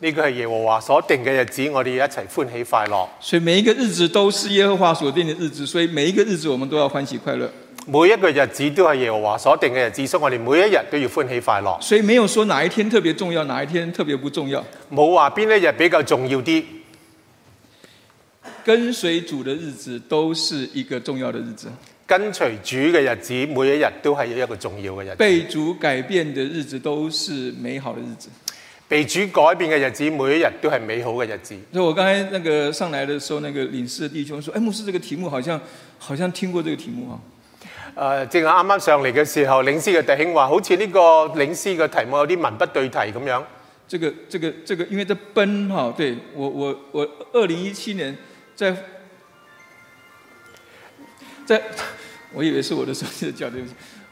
呢個係耶和華所定嘅日子，我哋要一齊歡喜快樂。所以每一個日子都是耶和華所定嘅日子，所以每一個日子我們都要歡喜快樂。每一個日子都係耶和華所定嘅日子，所以我哋每一日都要歡喜快樂。所以沒有說哪一天特別重要，哪一天特別不重要。冇話邊一日比較重要啲，跟隨主嘅日子都是一個重要嘅日子。跟隨主嘅日子，每一日都係一個重要嘅日子。被主改變嘅日子，都是美好嘅日子。被主改變嘅日子，每一日都係美好嘅日子。所以我剛才那個上來的時候，那個領事弟兄說，哎，牧師，這個題目好像好像聽過這個題目啊。誒、呃，正係啱啱上嚟嘅時候，領事嘅弟兄話，好似呢個領事嘅題目有啲文不對題咁樣。這個、這個、這個，因為都奔哈、哦，對我、我、我，二零一七年在在，我以為是我的手機的，叫啲，對不起。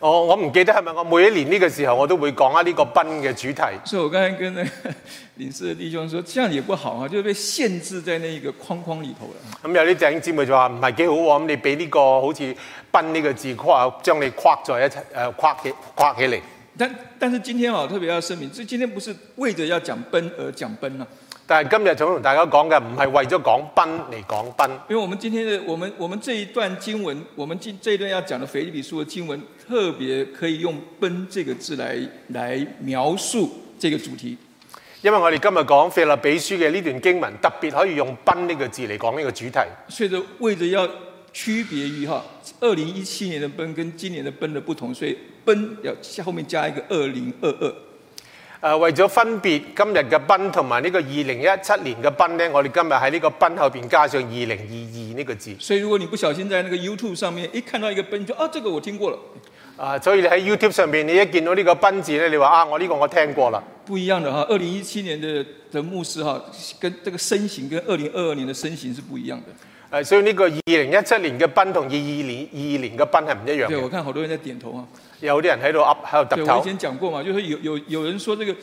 Oh, 我我唔記得係咪我每一年呢個時候我都會講啊呢個奔嘅主題。所以我剛才跟呢領事弟兄說，這樣也不好啊，就係被限制在那一個框框裡頭啦。咁、嗯、有啲弟兄姊妹就話唔係幾好喎，咁、嗯、你俾呢、這個好似奔呢個字框，將你框在一齊誒框嘅框起嚟。啊、起起但但是今天啊，特別要聲明，即係今天不是為著要講奔而講奔啦。但係今日想同大家講嘅，唔係為咗講奔嚟講奔。因為我們今天的，我們我們這一段經文，我們今這一段要講的腓立比書的經文，特別可以用奔這個字來來描述這個主題。因為我哋今日講腓立比書嘅呢段經文，特別可以用奔呢個字嚟講呢個主題。所以就為咗要區別於哈二零一七年的奔跟今年的奔的不同，所以奔要後面加一個二零二二。誒、啊、為咗分別今日嘅奔同埋呢個二零一七年嘅奔呢，我哋今日喺呢個奔後邊加上二零二二呢個字。所以如果你不小心在那個 YouTube 上面一看到一個奔，就啊，這個我聽過了。啊，所以你喺 YouTube 上面你一見到個呢個奔字咧，你話啊，我呢個我聽過啦。不一樣的哈，二零一七年的的牧師哈，跟這個身形跟二零二二年的身形是不一樣的。誒，所以呢個二零一七年嘅奔同二二年二二年嘅奔係唔一樣嘅。對，我看好多人在點頭啊。有啲人喺度 Up，喺度揼頭。對，我以前講過嘛，就是有有有人說，這個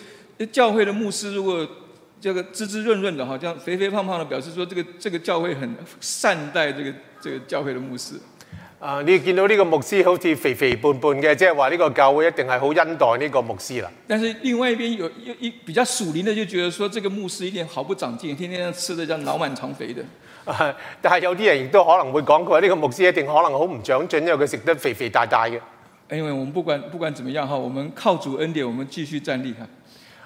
教會的牧師如果這個滋滋潤潤的，哈，這樣肥肥胖胖的，表示說，這個這個教會很善待這個這個教會的牧師。啊，你見到呢個牧師好似肥肥胖胖嘅，即係話呢個教會一定係好恩待呢個牧師啦。但是另外一邊有有一比較數林的就覺得說，這個牧師一定毫不長進，天天吃得像腦滿腸肥的。啊、但係有啲人亦都可能會講過話呢個牧師一定可能好唔長進，因為佢食得肥肥大大嘅。因為我們不管不管怎麼樣哈，我們靠主恩典，我們繼續站立哈。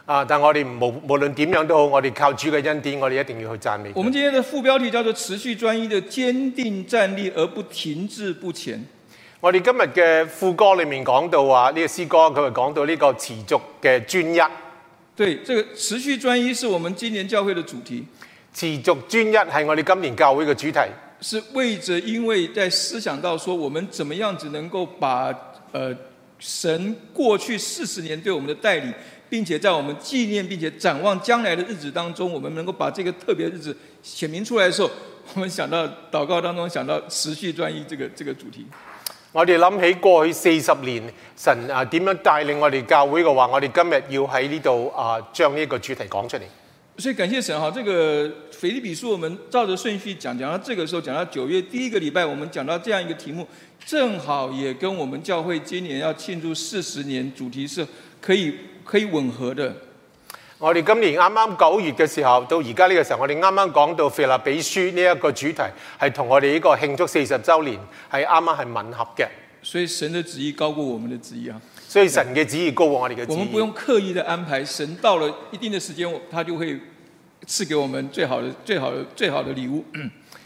啊！但我哋無無論點樣都好，我哋靠主嘅恩典，我哋一定要去站立。我們今天的副標題叫做持續專一的堅定站立，而不停滯不前。我哋今日嘅副歌裏面講到啊，呢、這個詩歌佢、啊、係講到呢個持續嘅專一。對，這個持續專一是我們今年教會的主題。持續專一係我哋今年教會嘅主題。是為咗因為在思想到說，我們怎麼樣子能夠把呃，神過去四十年對我們的帶領，並且在我們紀念並且展望將來的日子當中，我們能夠把這個特別日子顯明出來的時候，我們想到禱告當中想到持續專一這個這個主題。我哋諗起過去四十年神啊點樣帶領我哋教會嘅話，我哋今日要喺呢度啊將呢個主題講出嚟。所以感謝神，哈！這個腓立比書，我們照着順序講，講到這個時候，講到九月第一個禮拜，我們講到這樣一個題目，正好也跟我們教會今年要慶祝四十年主題是，可以可以吻合的。我哋今年啱啱九月嘅時候，到而家呢個時候，我哋啱啱講到腓立比書呢一個主題，係同我哋呢個慶祝四十周年係啱啱係吻合嘅。所以神的旨意高過我們的旨意，啊，哈。所以神嘅旨意高過我哋嘅。我們不用刻意的安排，神到了一定的時間，他就會賜給我們最好嘅、最好嘅、最好嘅禮物。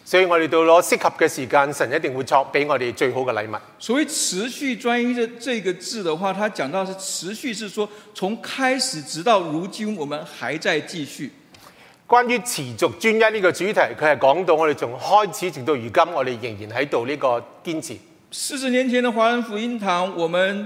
所以我哋到了適合嘅時間，神一定會作俾我哋最好嘅禮物。所謂持續專一嘅這個字的話，他講到是持續，是說從開始直到如今，我們還在繼續。關於持續專一呢個主題，佢係講到我哋從開始直到如今，我哋仍然喺度呢個堅持。四十年前嘅華人福音堂，我們。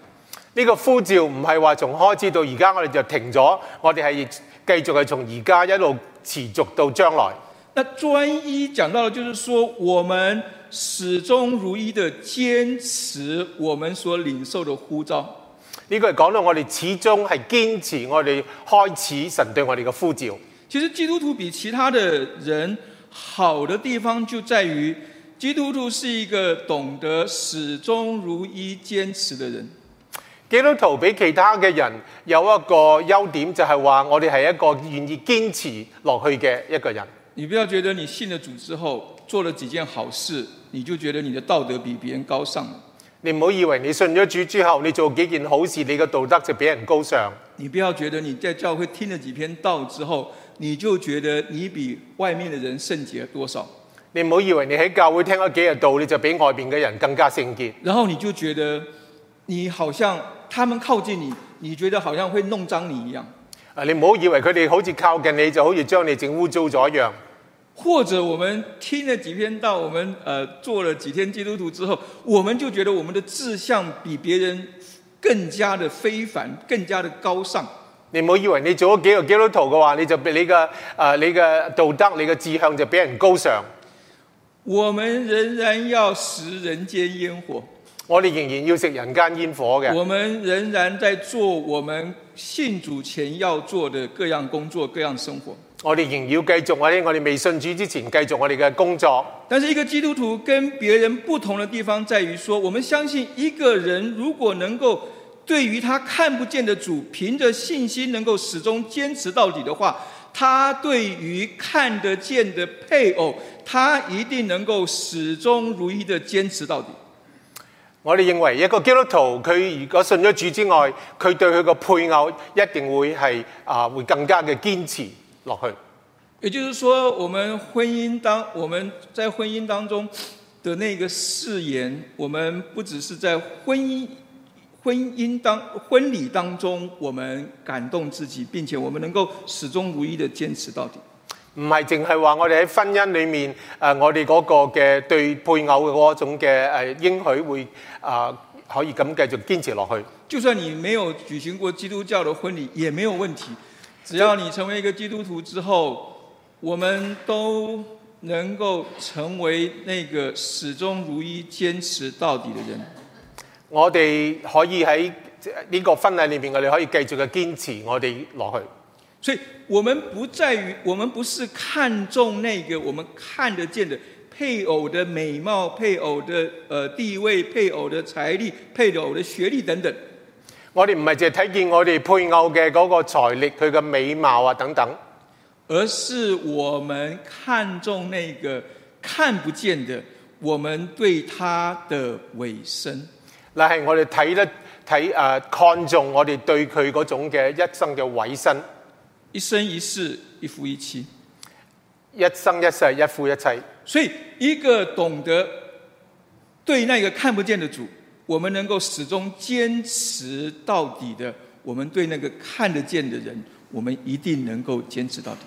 呢個呼召唔係話從開始到而家，我哋就停咗。我哋係繼續係從而家一路持續到將來。那專一講到，就是說我們始終如一的堅持，我們所領受的呼召。呢個係講到我哋始終係堅持，我哋開始神對我哋嘅呼召。其實基督徒比其他的人好的地方就在於基督徒是一個懂得始終如一堅持的人。基督徒比其他嘅人有一個優點，就係話我哋係一個願意堅持落去嘅一個人。你不要覺得你信咗主之後做了幾件好事，你就覺得你的道德比別人高尚。你唔好以為你信咗主之後你做幾件好事，你嘅道德就比人高尚。你不要覺得你在教會聽咗幾篇道之後，你就覺得你比外面嘅人聖潔多少。你唔好以為你喺教會聽咗幾日道，你就比外邊嘅人更加聖潔。然後你就覺得你好像。他們靠近你，你覺得好像會弄髒你一樣。啊，你唔好以為佢哋好似靠近你就好似將你整污糟咗一樣。或者我們聽了幾篇道，我們誒、呃、做了幾天基督徒之後，我們就覺得我們的志向比別人更加的非凡，更加的高尚。你唔好以為你做咗幾個基督徒嘅話，你就比你個誒、呃、你個道德、你個志向就比人高尚。我們仍然要食人間煙火。我哋仍然要食人間煙火嘅。我們仍然在做我們信主前要做的各樣工作、各樣生活。我們仍然要繼續我哋我哋未信主之前繼續我哋嘅工作。但是一個基督徒跟別人不同的地方，在於說，我們相信一個人如果能夠對於他看不見的主，憑着信心能夠始終堅持到底的話，他對於看得見的配偶，他一定能夠始終如一的堅持到底。我哋認為一個基督徒，佢如果信咗主之外，佢對佢個配偶一定會係啊，會更加嘅堅持落去。也就是說，我們婚姻當，我們在婚姻當中的那個誓言，我們不只是在婚姻、婚姻當、婚禮當中，我們感動自己，並且我們能夠始終如一的堅持到底。唔係淨係話我哋喺婚姻裏面，誒、呃、我哋嗰個嘅對配偶嘅嗰種嘅誒、呃、應許會啊、呃，可以咁繼續堅持落去。就算你沒有舉行過基督教嘅婚禮也沒有問題，只要你成為一個基督徒之後，我們都能夠成為那個始終如一、堅持到底的人。我哋可以喺呢個婚禮裏面，我哋可以繼續嘅堅持我哋落去。所以，我們不在於，我們不是看重那個我們看得見的配偶的美貌、配偶的呃地位、配偶的財力、配偶的學歷等等。我哋唔係淨係睇見我哋配偶嘅嗰個財力、佢嘅美貌啊等等，而是我們看重那個看不見的，我們對他的委身。嗱，係我哋睇得睇誒，看重我哋對佢嗰種嘅一生嘅委身。一生一世，一夫一妻。一生一世，一夫一妻。所以，一個懂得對那個看不見的主，我們能夠始終堅持到底的，我們對那個看得見的人，我們一定能夠堅持到底。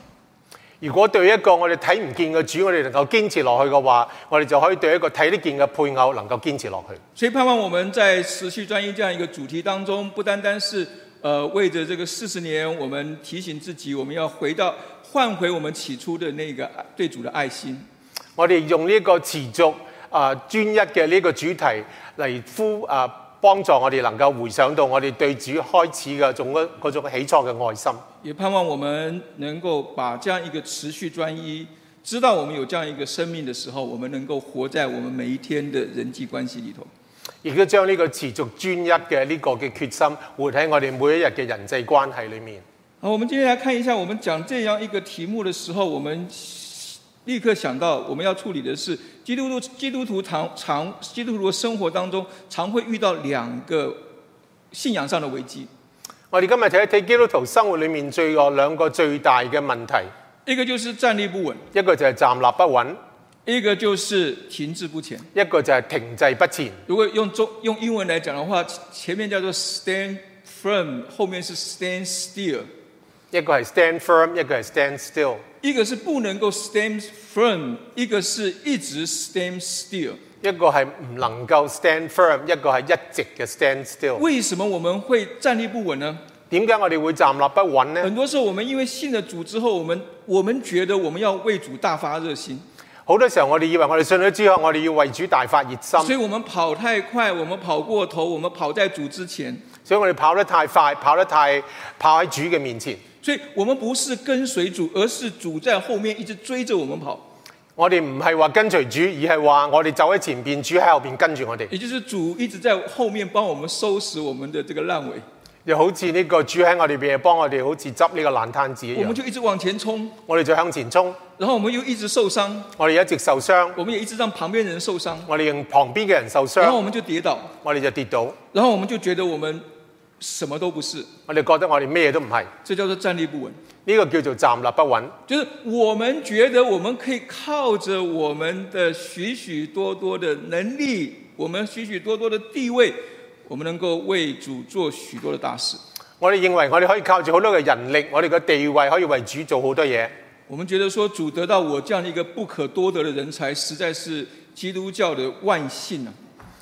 如果對一個我哋睇唔見嘅主，我哋能夠堅持落去嘅話，我哋就可以對一個睇得見嘅配偶能夠堅持落去。所以，盼望我們在持續專一這樣一個主題當中，不單單是。呃，為着這個四十年，我們提醒自己，我們要回到換回我們起初的那個對主的愛心。我哋用呢個持續啊、呃、專一嘅呢個主題嚟，呼啊、呃，幫助我哋能夠回想到我哋對主開始嘅種嗰嗰種起初嘅愛心。也盼望我們能夠把這樣一個持續專一，知道我們有這樣一個生命的時候，我們能夠活在我們每一天的人際關係裏頭。亦都將呢個持續專一嘅呢個嘅決心活喺我哋每一日嘅人際關係裏面。好，我們今天嚟看一下，我們講這樣一個題目嘅時候，我們立刻想到，我們要處理嘅是基督徒基督徒常常基督徒生活當中常會遇到兩個信仰上的危機。我哋今日睇一睇基督徒生活裏面最有兩個最大嘅問題，一個就是站立不穩，一個就係站立不穩。一個就是停滯不前，一個就係停滯不前。如果用中用英文來講的話，前面叫做 stand firm，後面是 stand still。一個係 stand firm，一個係 stand still。一個是不能夠 stand firm，一個是一直 stand still。一個係唔能夠 stand firm，一個係一直嘅 stand still。為什麼我們會站立不穩呢？點解我哋會站立不穩呢？很多時候，我們因為信了主之後，我們我們覺得我們要為主大發熱心。好多時候我哋以為我哋信咗之後，我哋要為主大發熱心。所以我們跑太快，我們跑過頭，我們跑在主之前。所以我哋跑得太快，跑得太，跑喺主嘅面前。所以我們不是跟隨主，而是主在後面一直追着我們跑。我哋唔係話跟隨主，而係話我哋走喺前面，主喺後面跟住我哋。也就是主一直在後面幫我們收拾我們的這個爛尾。又好似呢個豬喺我哋邊，幫我哋好似執呢個爛攤子一樣。我們就一直往前衝。我哋就向前衝。然後我們又一直受傷。我哋一直受傷。我們也一直讓旁邊人受傷。我哋讓旁邊嘅人受傷。然後我們就跌倒。我哋就跌倒。然後我們就覺得我們什麼都不是。我哋覺得我哋咩都唔係。這叫做站立不穩。呢個叫做站立不穩。就是我們覺得我們可以靠着我們的許許多多的能力， 我們許許多多的地位。我們能夠為主做許多的大事。我哋認為我哋可以靠住好多嘅人力，我哋嘅地位可以為主做好多嘢。我們覺得說主得到我這樣一個不可多得的人才，實在是基督教的萬幸啊！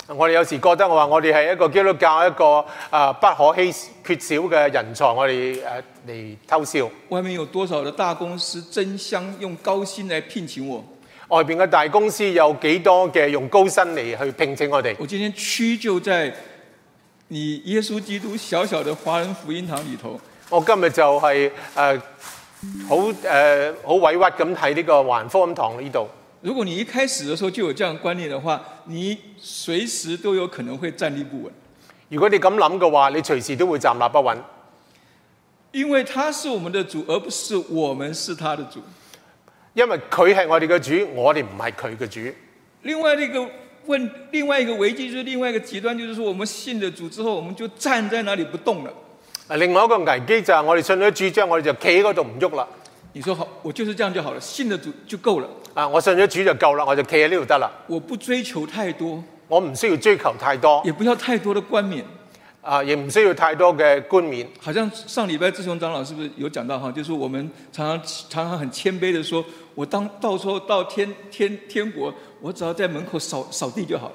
我哋有時覺得我話我哋係一個基督教一個啊不可稀缺少嘅人才，我哋誒嚟偷笑。外面有多少的大公司爭相用高薪來聘請我？外邊嘅大公司有幾多嘅用高薪嚟去聘請我哋？我今天屈就在。你耶穌基督小小的華人福音堂裏頭，我今日就係誒好誒好委屈咁喺呢個萬豐堂呢度。如果你一開始嘅時候就有這樣觀念的話，你隨時都有可能會站立不穩。如果你咁諗嘅話，你隨時都會站立不穩。因為他是我們的主，而不是我們是他的主。因為佢係我哋嘅主，我哋唔係佢嘅主。另外呢、那個。問另外一個危機，就是另外一個極端，就是說我們信了主之後我我主，我們就站在那裏不動了。啊，另外一個危機就係我哋信咗主之後，我就企喺嗰度唔喐啦。你說好，我就是這樣就好了，信了主就夠了。啊，我信咗主就夠了，我就企喺呢度得了。我不追求太多，我唔需要追求太多，也不要太多的冠冕。啊，亦唔需要太多嘅冠冕。好像上禮拜志雄長老是不是有講到？哈，就是我們常常常常很謙卑的說，我當到時候到天天天國。我只要在門口掃掃地就好了。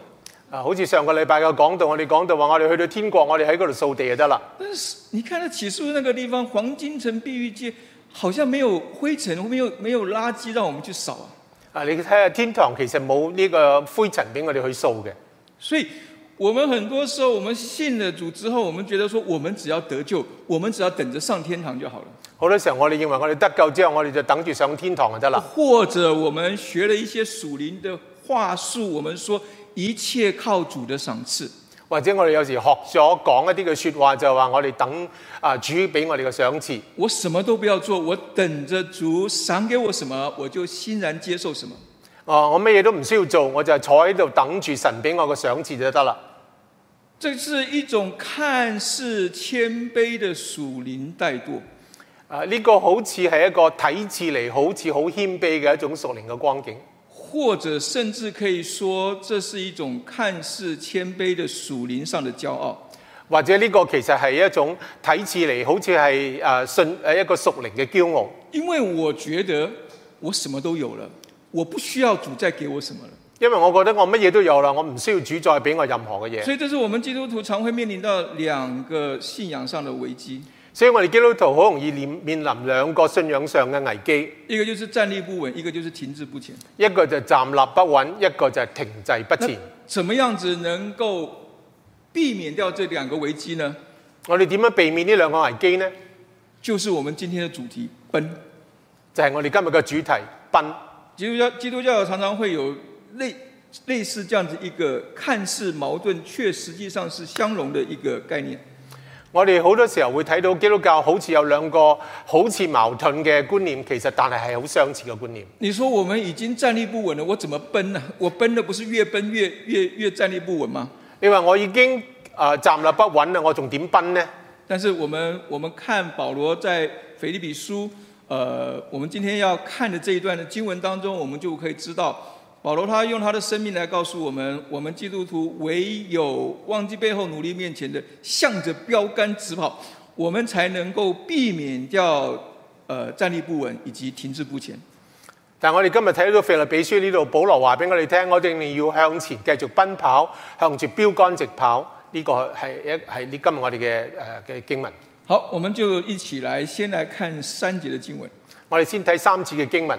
啊，好似上個禮拜嘅講道，我哋講到話，我哋去到天國，我哋喺嗰度掃地就得啦。但是你看，佢啟示那個地方，黃金城、碧玉街，好像沒有灰塵，沒有沒有垃圾讓我們去掃啊。啊，你睇下天堂其實冇呢個灰塵俾我哋去掃嘅。所以，我們很多時候，我們信了主之後，我們覺得說，我們只要得救，我們只要等着上天堂就好了。好多時候，我哋認為我哋得救之後，我哋就等住上天堂就得啦。或者，我們學了一些屬靈的。話術，我們說，一切靠主的賞賜。或者我哋有時學咗講一啲嘅說話，就話我哋等啊、呃、主俾我哋嘅賞賜。我什麼都不要做，我等着主賞給我什麼，我就欣然接受什麼。哦、呃，我乜嘢都唔需要做，我就坐喺度等住神俾我嘅賞賜就得啦。這是一種看似謙卑的屬靈怠惰，啊、呃！呢、這個好似係一個睇似嚟，好似好謙卑嘅一種屬靈嘅光景。或者甚至可以說，這是一種看似謙卑的屬靈上的驕傲，或者呢個其實係一種睇似嚟，好似係一個屬靈嘅驕傲。因為我覺得我什麼都有了，我不需要主再給我什麼了。因為我覺得我乜嘢都有了，我唔需要主再俾我任何嘅嘢。所以這是我們基督徒常會面臨到兩個信仰上的危機。所以我哋基督徒好容易面面臨兩個信仰上嘅危機，一個就是站立不穩，一個就是停滯不前。一個就站立不穩，一個就停滯不前。怎麼樣子能夠避免掉這兩個危機呢？我哋點樣避免呢兩個危機呢？就是我們今天的主題，奔，就係我哋今日嘅主題，奔。基督教基督教常常會有類類似這樣子一個看似矛盾，卻實際上是相容嘅一個概念。我哋好多時候會睇到基督教好似有兩個好似矛盾嘅觀念，其實但是係好相似嘅觀念。你說我們已經站立不穩了，我怎麼奔呢？我奔的不是越奔越越越站立不穩嗎？你話我已經、呃、站立不穩了，我仲點奔呢？但是我們我們看保羅在腓立比書，呃、我們今天要看的這一段嘅經文當中，我們就可以知道。保羅他用他的生命來告訴我們：我們基督徒唯有忘記背後、努力面前的，向着標杆直跑，我們才能夠避免掉呃站立不穩以及停滯不前。但我哋今日睇到《腓立比書》呢度，保羅話俾我哋聽：我哋要向前繼續奔跑，向住標杆直跑。呢、這個係一係呢今日我哋嘅誒嘅經文。好，我們就一起來先來看三節嘅經文。我哋先睇三節嘅經文。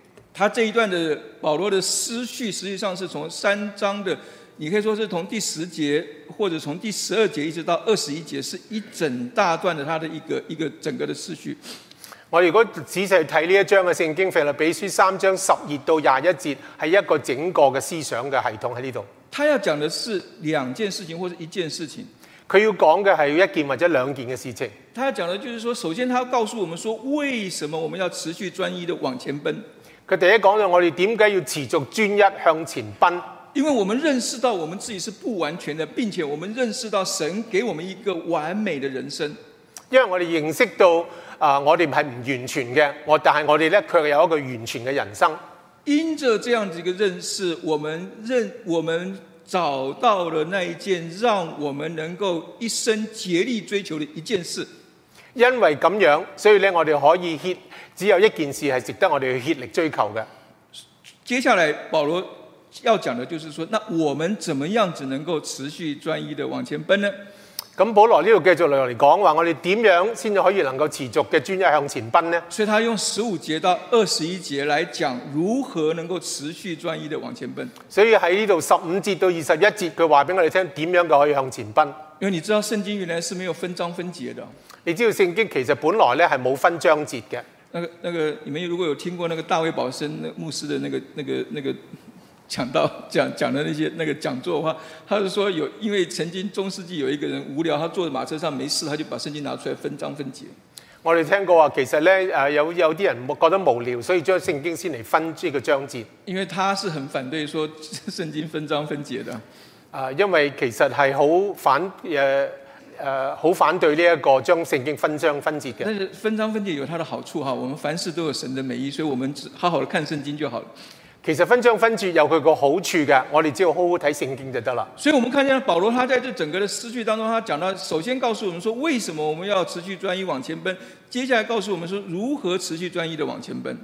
他這一段的，保羅的思緒實際上是從三章的，你可以說是從第十節或者從第十二節一直到二十一節，是一整大段的他的一個一個整個的思緒。我如果仔細睇呢一章嘅聖經，腓立比書三章十二到廿一節係一個整個嘅思想嘅系統喺呢度。他要講的是兩件事情或者一件事情。佢要講嘅係一件或者兩件嘅事情。他要講嘅就是說，首先他要告訴我們，說為什麼我們要持續專一的往前奔。佢第一講到我哋點解要持續專一向前奔，因為我們認識到我們自己是不完全的，並且我們認識到神給我們一個完美的人生。因為我哋認識到啊、呃，我哋係唔完全嘅，我但係我哋咧卻有一個完全嘅人生。因著這樣一個認識，我們認我們找到了那一件，讓我們能夠一生竭力追求的一件事。因為咁樣，所以咧我哋可以 hit 只有一件事係值得我哋去竭力追求嘅。接下來保羅要講嘅就是說，那我們怎麼樣子能夠持續專一的往前奔呢？咁保羅呢度繼續落嚟講話，我哋點樣先至可以能夠持續嘅專一向前奔呢？所以他用十五節到二十一節來講，如何能夠持續專一的往前奔？所以喺呢度十五節到二十一節，佢話俾我哋聽點樣就可以向前奔。因為你知道聖經原來是沒有分章分節的。你知道聖經其實本來咧係冇分章節嘅。那個那個，你們如果有聽過那個大衛保生那個牧師的那個那個那個講道講講的那些那個講座嘅話，他是說有因為曾經中世紀有一個人無聊，他坐在馬車上沒事，他就把聖經拿出來分章分解。我哋聽過啊，其實呢，誒有有啲人覺得無聊，所以將聖經先嚟分呢個章節。因為他是很反對說聖經分章分解的。啊，因為其實係好反誒。啊誒，好、呃、反對呢、這、一個將聖經分章分節嘅。但是分章分節有它的好處哈，我們凡事都有神的美意，所以我們只好好的看聖經就好了。其實分章分節有佢個好處嘅，我哋只要好好睇聖經就得啦。所以，我們看見保羅，他在這整個的詩句當中，他講到首先告訴我們說，為什麼我們要持續專一往前奔；接下來告訴我們說，如何持續專一的往前奔。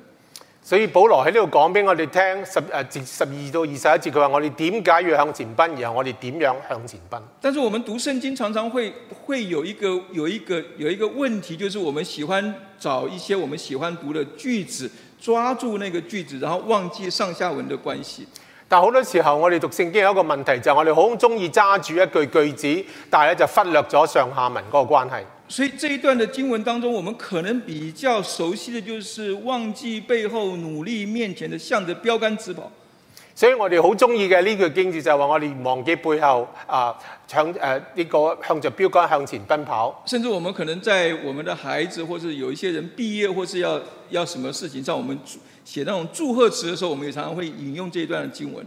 所以保羅喺呢度講俾我哋聽十誒，十十二到二十一節，佢話我哋點解要向前奔，然後我哋點樣向前奔。但是我們讀聖經常常會會有一個有一個有一個問題，就是我們喜歡找一些我們喜歡讀的句子，抓住那個句子，然後忘記上下文的關係。但好多時候我哋讀聖經有一個問題，就係我哋好中意揸住一句句子，但係咧就忽略咗上下文嗰個關係。所以這一段的經文當中，我們可能比較熟悉的就是忘記背後努力面前的向着標竿直跑。所以我哋好中意嘅呢句經節就係話我哋忘記背後啊，向誒呢、啊這個向着標竿向前奔跑。甚至我們可能在我們的孩子，或是有一些人畢業，或是要要什麼事情上，我們寫那種祝賀詞的時候，我們也常常會引用這一段經文。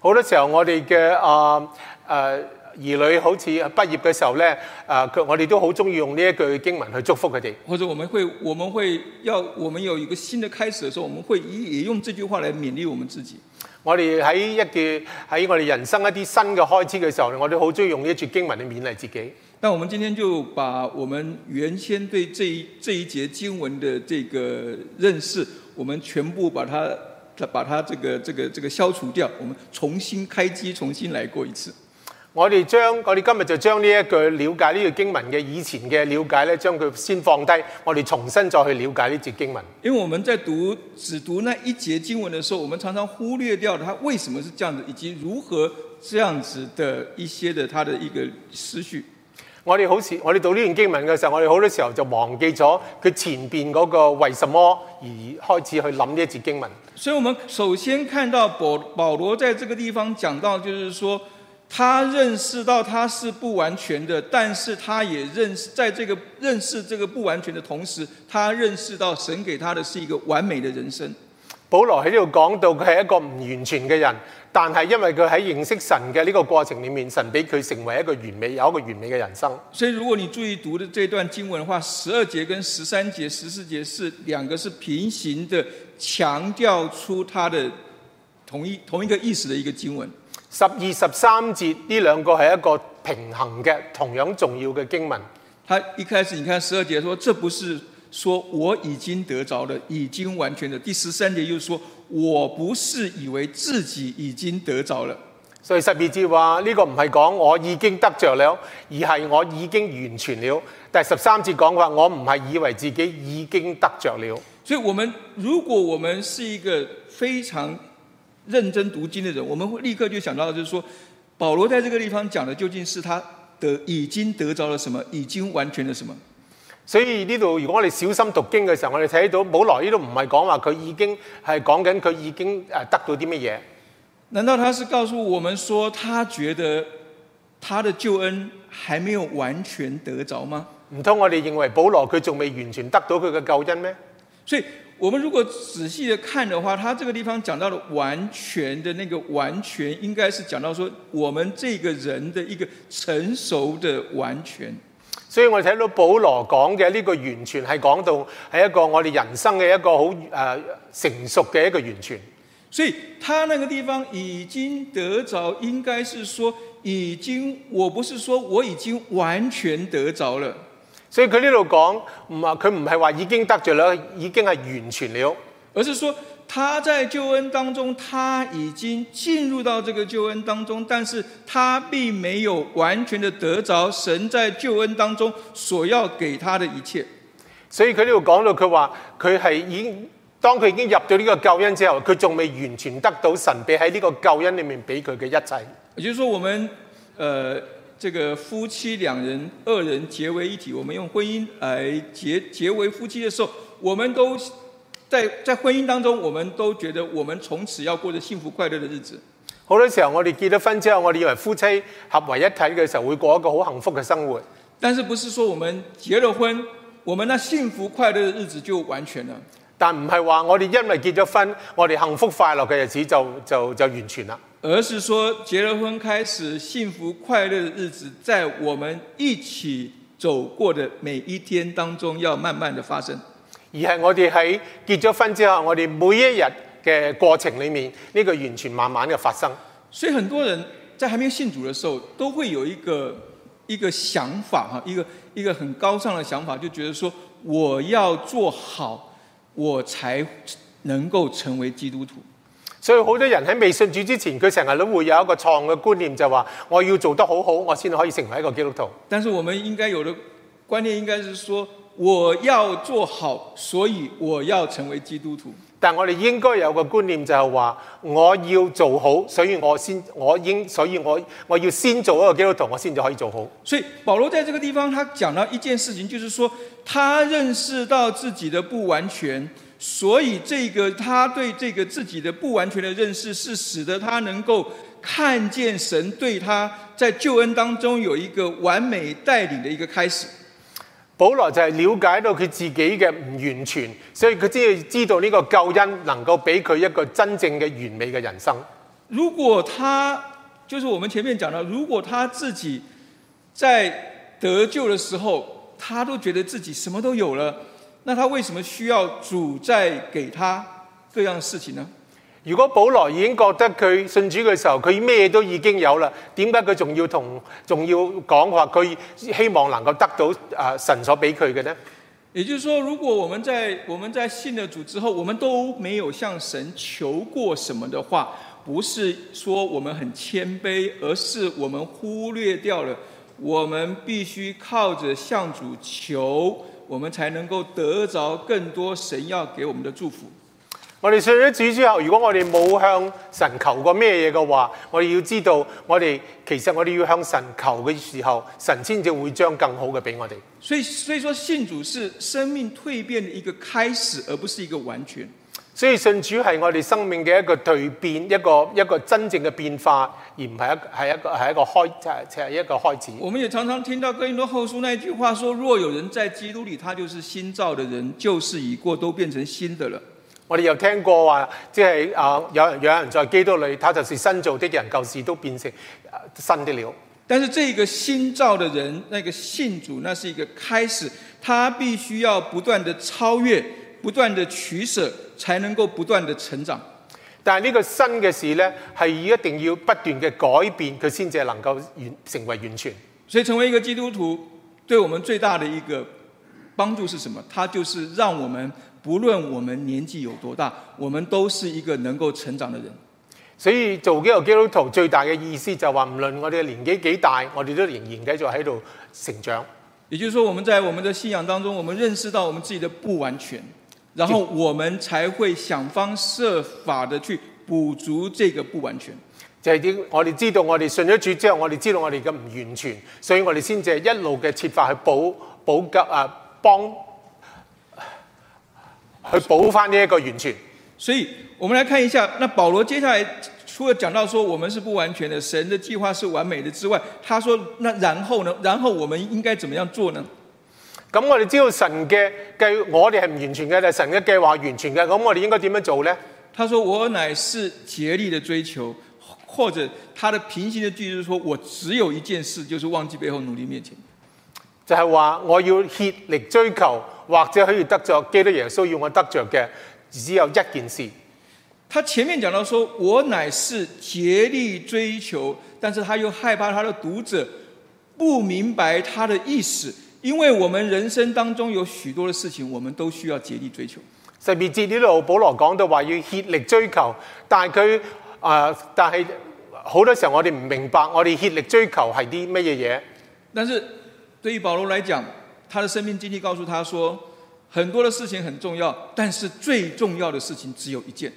好多時候我哋嘅啊誒。啊兒女好似畢業嘅時候咧，啊！佢我哋都好中意用呢一句經文去祝福佢哋。或者我們會，我們會要，我們有一個新的開始嘅時候，我們會以也用這句話嚟勉勵我們自己。我哋喺一個喺我哋人生一啲新嘅開始嘅時候，我哋好中意用呢句經文嚟勉勵自己。那我們今天就把我們原先對這一這一節經文嘅這個認識，我們全部把它、把把它、這個、這個、這個消除掉，我們重新開機，重新來過一次。我哋將我哋今日就將呢一句了解，呢段經文嘅以前嘅了解咧，將佢先放低，我哋重新再去了解呢節經文。因為我們在讀只讀那一節經文的時候，我們常常忽略掉它為什麼是這樣子，以及如何這樣子的一些的它的一個思緒。我哋好似我哋讀呢段經文嘅時候，我哋好多時候就忘記咗佢前邊嗰個為什麼而開始去諗呢一節經文。所以，我們首先看到保保羅在這個地方講到，就是說。他認識到他是不完全的，但是他也認識，在這個認識這個不完全的同時，他認識到神給他的是一個完美的人生。保羅喺呢度講到，佢係一個唔完全嘅人，但係因為佢喺認識神嘅呢個過程裏面，神俾佢成為一個完美，有一個完美嘅人生。所以，如果你注意讀的這段經文的話，十二節跟十三節、十四節是兩個是平行的，強調出他的同一同一個意思的一個經文。十二十三節呢兩個係一個平衡嘅同樣重要嘅經文。佢一開始，你看十二節說，這不是說我已經得着了，已經完全了。第十三節又說我不是以為自己已經得着了。所以十二節話呢個唔係講我已經得着了，而係我已經完全了。第十三節講話，我唔係以為自己已經得着了。所以，我們如果我們是一個非常，認真讀經的人，我們會立刻就想到，就是說，保羅在這個地方講的究竟是他的已經得着了什麼，已經完全了什麼？所以呢度，如果我哋小心讀經嘅時候，我哋睇到保羅呢度唔係講話佢已經係講緊佢已經誒得到啲乜嘢？難道他是告訴我們說，他覺得他的救恩還沒有完全得着嗎？唔通我哋認為保羅佢仲未完全得到佢嘅救恩咩？所以。我們如果仔細的看的話，他這個地方講到的完全的那個完全，應該是講到說我們這個人的一個成熟的完全。所以我睇到保羅講嘅呢個完全係講到係一個我哋人生嘅一個好呃成熟嘅一個完全。所以他那個地方已經得着，應該是說已經，我不是說我已經完全得着了。所以佢呢度講唔啊，佢唔係話已經得着啦，已經係完全了，而是說他在救恩當中，他已經進入到這個救恩當中，但是他並沒有完全的得着神在救恩當中所要給他的一切。所以佢呢度講到佢話佢係已經當佢已經入咗呢個救恩之後，佢仲未完全得到神俾喺呢個救恩裏面俾佢嘅一切。也就是說，我們、呃這個夫妻兩人二人結為一體，我們用婚姻來結結為夫妻的時候，我們都在在婚姻當中，我們都覺得我們從此要過着幸福快樂的日子。好多時候我哋結咗婚之後，我哋以為夫妻合為一體嘅時候，會過一個好幸福嘅生活。但是不是說我們結了婚，我們那幸福快樂的日子就完全了。但唔係話我哋因為結咗婚，我哋幸福快樂嘅日子就就就，就完全啦。而是說，結了婚開始幸福快樂的日子，在我們一起走過的每一天當中要慢慢，要、這個、慢慢的發生。而係我哋喺結咗婚之後，我哋每一日嘅過程裏面，呢個完全慢慢嘅發生。所以很多人在還沒有信主的時候，都會有一個一個想法哈，一個一個很高尚的想法，就覺得說，我要做好，我才能夠成為基督徒。所以好多人喺未信主之前，佢成日都會有一個錯誤嘅觀念，就話我要做得好好，我先可以成為一個基督徒。但是我們應該有的觀念應該是說，我要做好，所以我要成為基督徒。但我哋應該有個觀念就係話我要做好，所以我先我應，所以我我要先做一個基督徒，我先至可以做好。所以，保羅在這個地方，他講到一件事情，就是說他認識到自己的不完全。所以，這個他對這個自己的不完全的認識，是使得他能夠看見神對他在救恩當中有一個完美帶領的一個開始。保羅就係了解到佢自己嘅唔完全，所以佢先至知道呢個救恩能夠俾佢一個真正的完美的人生。如果他，就是我們前面講到，如果他自己在得救的時候，他都覺得自己什麼都有了。那他為什麼需要主再給他這樣的事情呢？如果保羅已經覺得佢信主嘅時候佢咩都已經有啦，點解佢仲要同，仲要講話佢希望能夠得到啊、呃、神所俾佢嘅呢？也就是說，如果我們在我們在信了主之後，我們都沒有向神求過什麼的話，不是說我們很謙卑，而是我們忽略掉了，我們必須靠着向主求。我們才能夠得着更多神要給我們的祝福。我哋信咗主之後，如果我哋冇向神求過咩嘢嘅話，我哋要知道，我哋其實我哋要向神求嘅時候，神先至會將更好嘅俾我哋。所以，所以說信主是生命蛻變嘅一個開始，而不是一個完全。所以信主係我哋生命嘅一個蛻變，一個一個真正嘅變化，而唔係一係一個係一,一個開，即係一個開始。我們也常常聽到哥林多後書那句話說，說若有人在基督裡，他就是新造的人，舊事已過，都變成新的了。我哋有聽過啊，即係啊，有人有人在基督裡，他就是新造的人，舊事都變成新的了。但是這個新造的人，那個信主，那是一個開始，他必須要不斷地超越。不斷的取捨，才能夠不斷的成長。但係呢個新嘅事呢，係一定要不斷嘅改變，佢先至能夠成為完全。所以成為一個基督徒，對我們最大的一個幫助是什麼？它就是讓我們不論我們年紀有多大，我們都是一個能夠成長的人。所以做基督基督徒最大嘅意思就話，唔論我哋嘅年紀幾大，我哋都仍然繼續喺度成長。也就是說，我們在我們的信仰當中，我們認識到我們自己的不完全。然後我們才會想方設法的去補足這個不完全。即已經我哋知道我哋順咗主之後，我哋知道我哋嘅唔完全，所以我哋先至一路嘅設法去補補吉啊，幫去補翻呢一個完全，所以，我們來看一下，那保羅接下來除了講到說我們是不完全的，神的計劃是完美的之外，他說：那然後呢？然後我們應該怎麼樣做呢？咁我哋知道神嘅計，我哋係唔完全嘅，但係神嘅計劃完全嘅。咁我哋應該點樣做咧？他說：我乃是竭力嘅追求，或者他的平行嘅句子，說我只有一件事，就是忘記背後，努力面前。就係話我要竭力追求，或者可以得着基督耶穌要我得着嘅，只有一件事。他前面講到，說我乃是竭力追求，但是他又害怕他的讀者不明白他的意思。因為我們人生當中有許多的事情，我們都需要竭力追求。十二節呢度保羅講到話要竭力追求，但係佢啊，但係好多時候我哋唔明白，我哋竭力追求係啲乜嘢嘢？但是對於保羅嚟講，他的生命經歷告訴他說，很多的事情很重要，但是最重要的事情只有一件。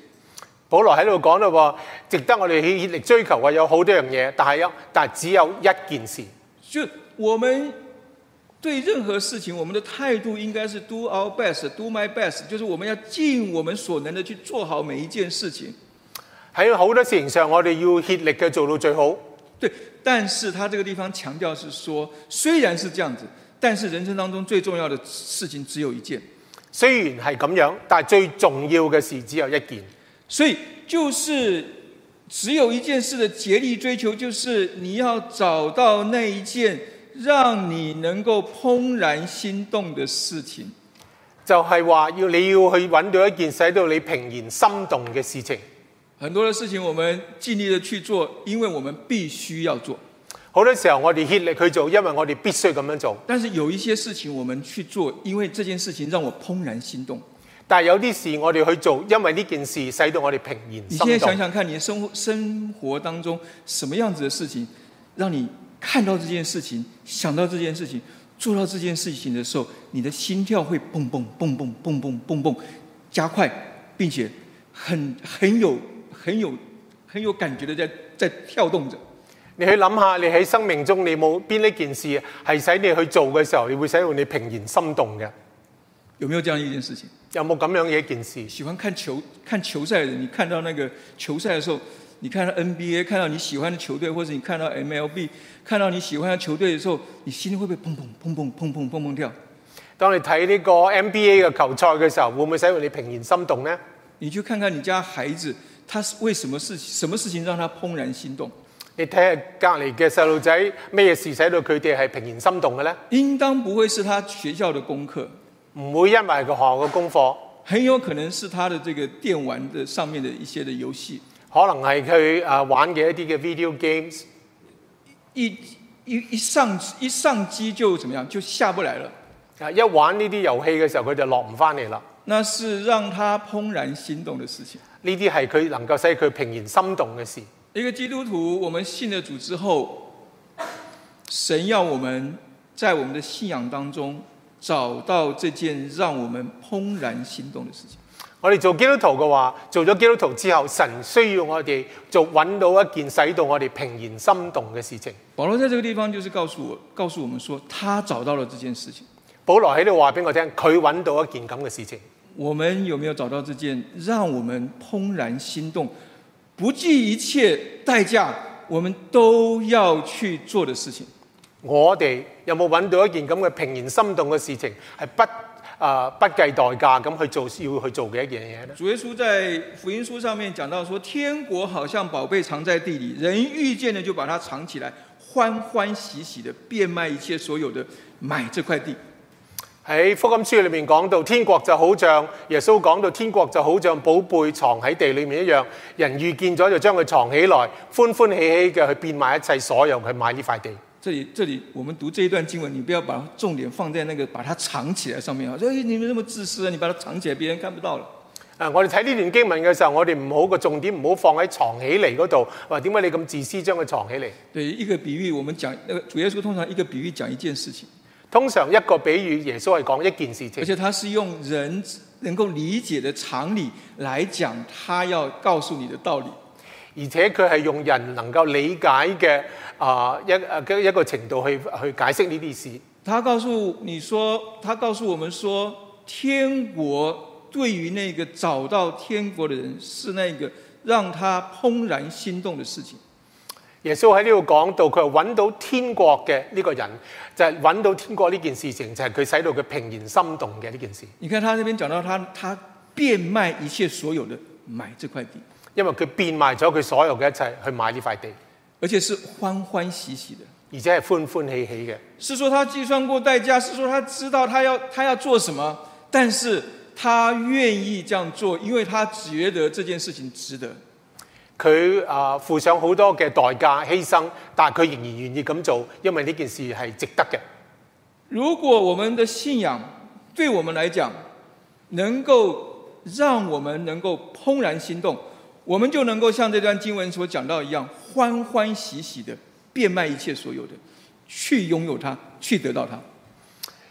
保羅喺度講到，值得我哋去竭力追求嘅有好多樣嘢，但係啊，但係只有一件事，就我們。對任何事情，我們的態度應該是 “do our best”、“do my best”，就是我們要盡我們所能的去做好每一件事情。喺好多事情上，我哋要竭力嘅做到最好。對，但是他這個地方強調是說，雖然是這樣子，但是人生當中最重要的事情只有一件。雖然係咁樣，但最重要嘅事只有一件，所以就是只有一件事的竭力追求，就是你要找到那一件。讓你能夠怦然心動的事情，就係話要你要去揾到一件使到你怦然心動嘅事情。很多嘅事情我們盡力的去做，因為我們必須要做。好多時候我哋竭力去做，因為我哋必須咁樣做。但是有一些事情我們去做，因為這件事情讓我怦然心動。但係有啲事我哋去做，因為呢件事使到我哋怦然心動。你現在想想看，你生活生活當中什麼樣子嘅事情，讓你？看到這件事情，想到這件事情，做到這件事情的時候，你的心跳會蹦蹦蹦蹦蹦蹦蹦加快，並且很很有很有很有感覺的在在跳動着。你去諗下，你喺生命中你冇邊一件事係使你去做嘅時候，你會使到你怦然心動嘅？有沒有這樣一件事情？有冇咁樣嘅一件事？喜歡看球看球賽嘅人，你看到那個球賽的時候。你看到 NBA，看到你喜歡的球隊，或者你看到 MLB，看到你喜歡的球隊的時候，你心裏會不會砰砰砰砰砰砰砰砰跳？當你睇呢個 NBA 嘅球賽嘅時候，會唔會使到你怦然心動呢？你去看看你家孩子，他為什麼，什麼事什麼事情讓他怦然心動？你睇下隔籬嘅細路仔，咩事使到佢哋係怦然心動嘅咧？應當不會是他學校嘅功課，唔會因為個學校嘅功課， 很有可能是他的這個電玩的上面的一些的遊戲。可能係佢啊玩嘅一啲嘅 video games，一一一上一上機就怎麼樣，就下不來了。啊！一玩呢啲遊戲嘅時候，佢就落唔翻嚟啦。那是讓他怦然心動嘅事情。呢啲係佢能夠使佢怦然心動嘅事。一個基督徒，我們信了主之後，神要我們在我們的信仰當中找到這件讓我們怦然心動的事情。我哋做基督徒嘅話，做咗基督徒之後，神需要我哋做揾到一件使到我哋怦然心動嘅事情。保羅在這個地方就是告訴我，告訴我們說，他找到了這件事情。保羅喺度話俾我聽，佢揾到一件咁嘅事情。我們有沒有找到這件讓我們怦然心動、不計一切代價，我們都要去做的事情？我哋有冇揾到一件咁嘅怦然心動嘅事情？係不？啊、不計代價咁去做，要去做嘅一件嘢。主耶穌在福音書上面講到說，說天國好像寶貝藏在地裏，人遇見呢就把它藏起來，歡歡喜喜地變賣一切所有的，買這塊地。喺福音書裏面講到，天國就好像耶穌講到，天國就好像寶貝藏喺地裏面一樣，人遇見咗就將佢藏起來，歡歡喜喜嘅去變賣一切所有去買呢塊地。這裏，這裏我們讀這一段經文，你不要把重點放在那個把它藏起來上面啊！所以你們這麼自私啊，你把它藏起來，別人看不到了。啊，我哋睇呢段經文嘅時候，我哋唔好個重點唔好放喺藏起嚟嗰度，話，點解你咁自私，將佢藏起嚟？對，一個比喻，我們講，那個主耶穌通常一個比喻講一件事情，通常一個比喻耶穌是講一件事情。而且他是用人能夠理解的常理來講，他要告訴你的道理。而且佢係用人能夠理解嘅啊，一啊一一個程度去去解釋呢啲事。他告訴你說，他告訴我們說，天國對於那個找到天國的人，是那個讓他怦然心動的事情。耶穌喺呢度講到，佢係揾到天國嘅呢個人，就係、是、揾到天國呢件事情，就係、是、佢使到佢怦然心動嘅呢件事。你看他呢邊講到他，他他變賣一切所有的，買這塊地。因為佢變賣咗佢所有嘅一切去買呢塊地，而且是歡歡喜喜的，而且係歡歡喜喜嘅。是說他計算過代價，是說他知道他要他要做什麼，但是他願意這樣做，因為他覺得這件事情值得。佢啊付上好多嘅代價犧牲，但係佢仍然願意咁做，因為呢件事係值得嘅。如果我們的信仰對我們來講，能夠讓我們能夠怦然心動，我們就能夠像這段經文所講到一樣，歡歡喜喜的變賣一切所有的，去擁有它，去得到它。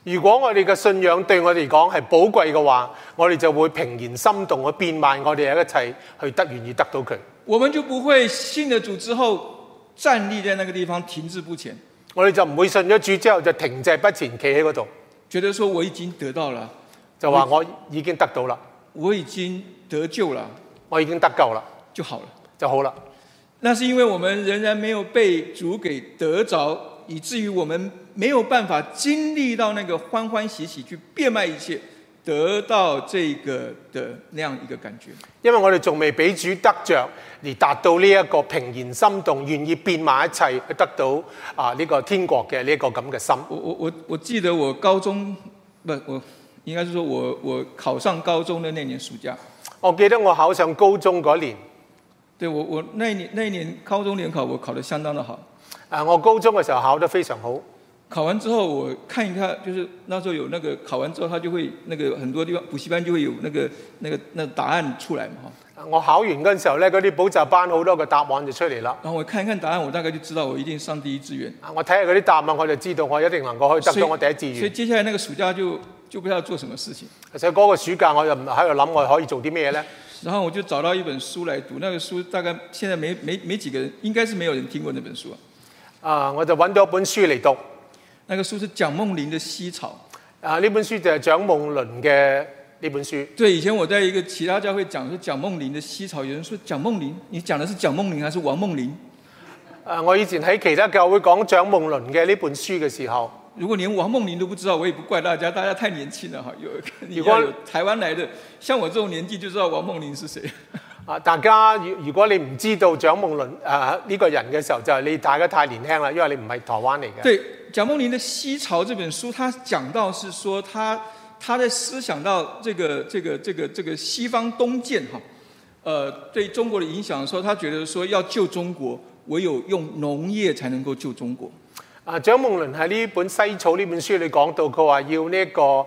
如果我哋嘅信仰對我哋嚟講係寶貴嘅話，我哋就會平然心動，變去變賣我哋嘅一切，去得願意得到佢。我們就不會信咗主之後站立在那個地方停滯不前。我哋就唔會信咗主之後就停滯不前在，企喺嗰度，覺得說我已經得到了，就話我，我已經得到了，我已經得救了。我已經得救啦，就好了，就好了。那是因為我們仍然沒有被主給得着，以至於我們沒有辦法經歷到那個歡歡喜喜去變賣一切，得到這個的那樣一個感覺。因為我哋仲未俾主得着，而達到呢一個怦然心動，願意變賣一切去得到啊呢個天國嘅呢一個咁嘅心。我我我我記得我高中不，我應該是說我我考上高中的那年暑假。我記得我考上高中那年，對，我我那一年那一年高中聯考我考得相當的好，啊我高中嘅時候考得非常好。考完之後，我看一看，就是那時候有那個考完之後，他就會那個很多地方補習班就會有那個那個那答案出來嘛。我考完嗰陣時候呢，嗰啲補習班好多個答案就出嚟啦。然後我看一看答案，我大概就知道我一定上第一志願。我睇下嗰啲答案，我就知道我一定能夠去得到我第一志願。所以，所以接下來那個暑假就就不知道做什麼事情。而且嗰個暑假我又唔喺度諗，我可以做啲咩呢？然後我就找到一本書嚟讀，那個書大概現在沒沒沒幾個人，應該是沒有人聽過那本書。啊，我就揾咗本書嚟讀。那個書是蔣夢麟的西《西潮》啊，那本書就係蔣夢麟嘅呢本書。對，以前我在一個其他教會講說蔣夢麟的《西潮》，有人說蔣夢麟，你講的是蔣夢麟還是王夢麟？啊，我以前喺其他教會講蔣夢麟嘅呢本書嘅時候，如果連王夢麟都不知道，我也不怪大家，大家太年輕了哈。有個你有台灣來的，果像我這種年紀就知道王夢麟是誰。啊！大家如如果你唔知道蔣夢麟啊呢個人嘅時候，就係、是、你大家太年輕啦，因為你唔係台灣嚟嘅。對，蔣夢麟的《西潮》這本書，他講到是說，他他的思想到這個、這個、這個、這個西方東漸哈，呃對中國的影響嘅時候，他覺得說要救中國，唯有用農業才能夠救中國。啊、呃！蔣夢麟喺呢本《西潮》呢本書裏講到，佢話要呢、這個。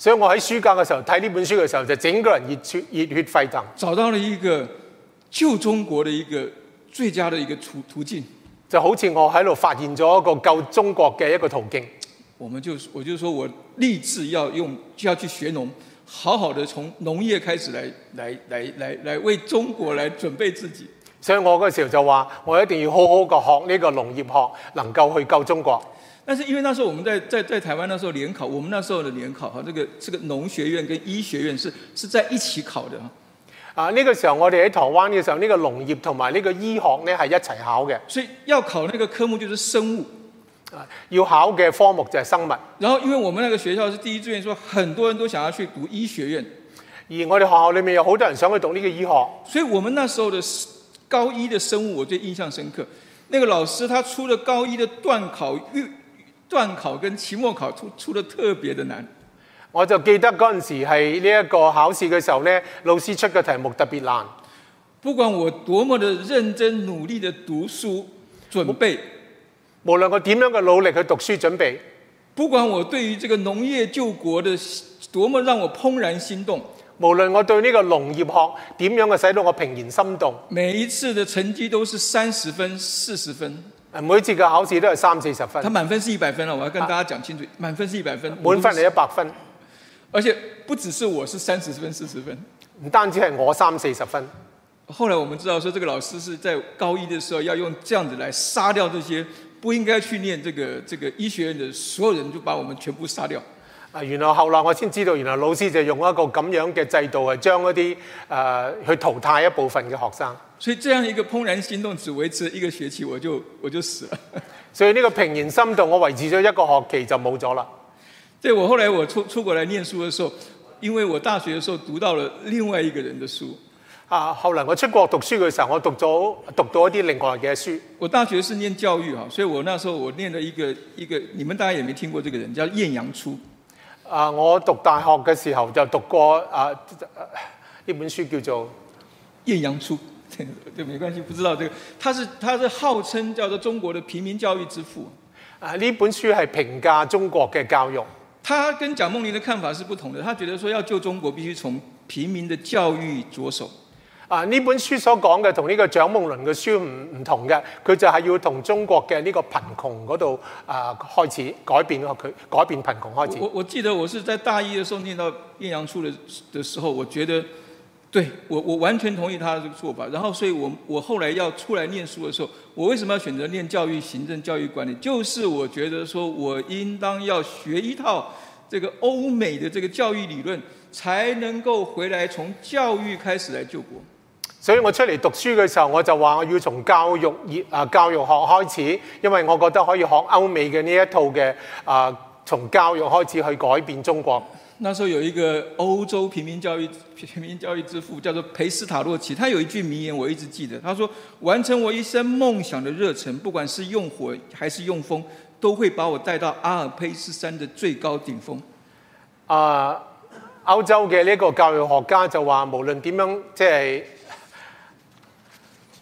所以我喺暑假嘅時候睇呢本書嘅時候，就整個人熱血熱血沸騰。找到了一個救中國嘅一個最佳嘅一個途途徑，就好似我喺度發現咗一個救中國嘅一個途徑。我就我就說我立志要用要去學農，好好的從農業開始來嚟嚟嚟為中國來準備自己。所以我嗰時候就話我一定要好好的學呢個農業學，能夠去救中國。但是因為那時候我們在在在台灣那時候聯考，我們那時候的聯考哈，這個這個農學院跟醫學院是是在一起考的啊，那、那個時候我哋喺台灣嘅時候，那、那個農業同埋那個醫學呢，係一齊考嘅，所以要考那個科目就是生物啊，要考嘅科目就係生物。然後因為我們那個學校是第一志願說，說很多人都想要去讀醫學院，而我哋學校裏面有好多人想去讀呢個醫學，所以我們那時候的高一的生物我最印象深刻，那個老師他出了高一的段考預。段考跟期末考，出出得特別的難，我就記得嗰陣時係呢一個考試嘅時候咧，老師出嘅題目特別難。不管我多麼的認真努力的讀書準備，無論我點樣嘅努力去讀書準備，不管我對於這個農業救國的多麼讓我怦然心動，無論我對呢個農業學點樣嘅使到我怦然心動，每一次的成績都是三十分、四十分。每次的考試都係三四十分。他滿分是一百分啦，啊，我要跟大家講清楚，滿分是一百分，滿分係一百分，而且不只是我是三十分、四十分，唔單止係我三四十分。後來我們知道說，這個老師是在高一的時候要用這樣子來殺掉這些不應該去念這個這個醫學院的所有人，就把我們全部殺掉。啊！原來後來我先知道，原來老師就用一個咁樣嘅制度將些，係將一啲誒去淘汰一部分嘅學生。所以，這樣一個怦然心動只維持一個學期，我就我就死了。所以呢個怦然心動，我維持咗一個學期就冇咗啦。對我後來我出出國嚟念書嘅時候，因為我大學嘅時候讀到了另外一個人嘅書。啊，後來我出國讀書嘅時候，我讀咗讀到一啲另外嘅書。我大學是念教育嚇，所以我那時候我念咗一個一個，你們大家也沒聽過，這個人叫晏陽初。啊！我讀大學嘅時候就讀過啊呢本書叫做《晏陽初》對，就沒關係，不知道這個，他是他是號稱叫做中國的平民教育之父。啊！呢本書係評價中國嘅教育。他跟蔣夢麟的看法是不同的。他覺得說要救中國，必須從平民的教育着手。啊！呢本書所講嘅同呢個蔣夢麟嘅書唔唔同嘅，佢就係要同中國嘅呢個貧窮嗰度啊開始改變咯，佢改變貧窮開始。我我記得我是在大一嘅時候念到《晏陽初》的的時候，我覺得對我，我完全同意他嘅做法。然後所以我，我我後來要出來念書嘅時候，我為什麼要選擇念教育行政、教育管理？就是我覺得說我應當要學一套這個歐美的這個教育理論，才能夠回來從教育開始來救國。所以我出嚟讀書嘅時候，我就話我要從教育啊、呃、教育學開始，因為我覺得可以學歐美嘅呢一套嘅啊，從、呃、教育開始去改變中國。那時候有一個歐洲平民教育平民教育之父叫做裴斯塔洛奇，他有一句名言我一直記得，他說完成我一生夢想的熱忱，不管是用火還是用風，都會把我帶到阿爾卑斯山的最高頂峰。啊、呃，歐洲嘅呢一個教育學家就話，無論點樣即係。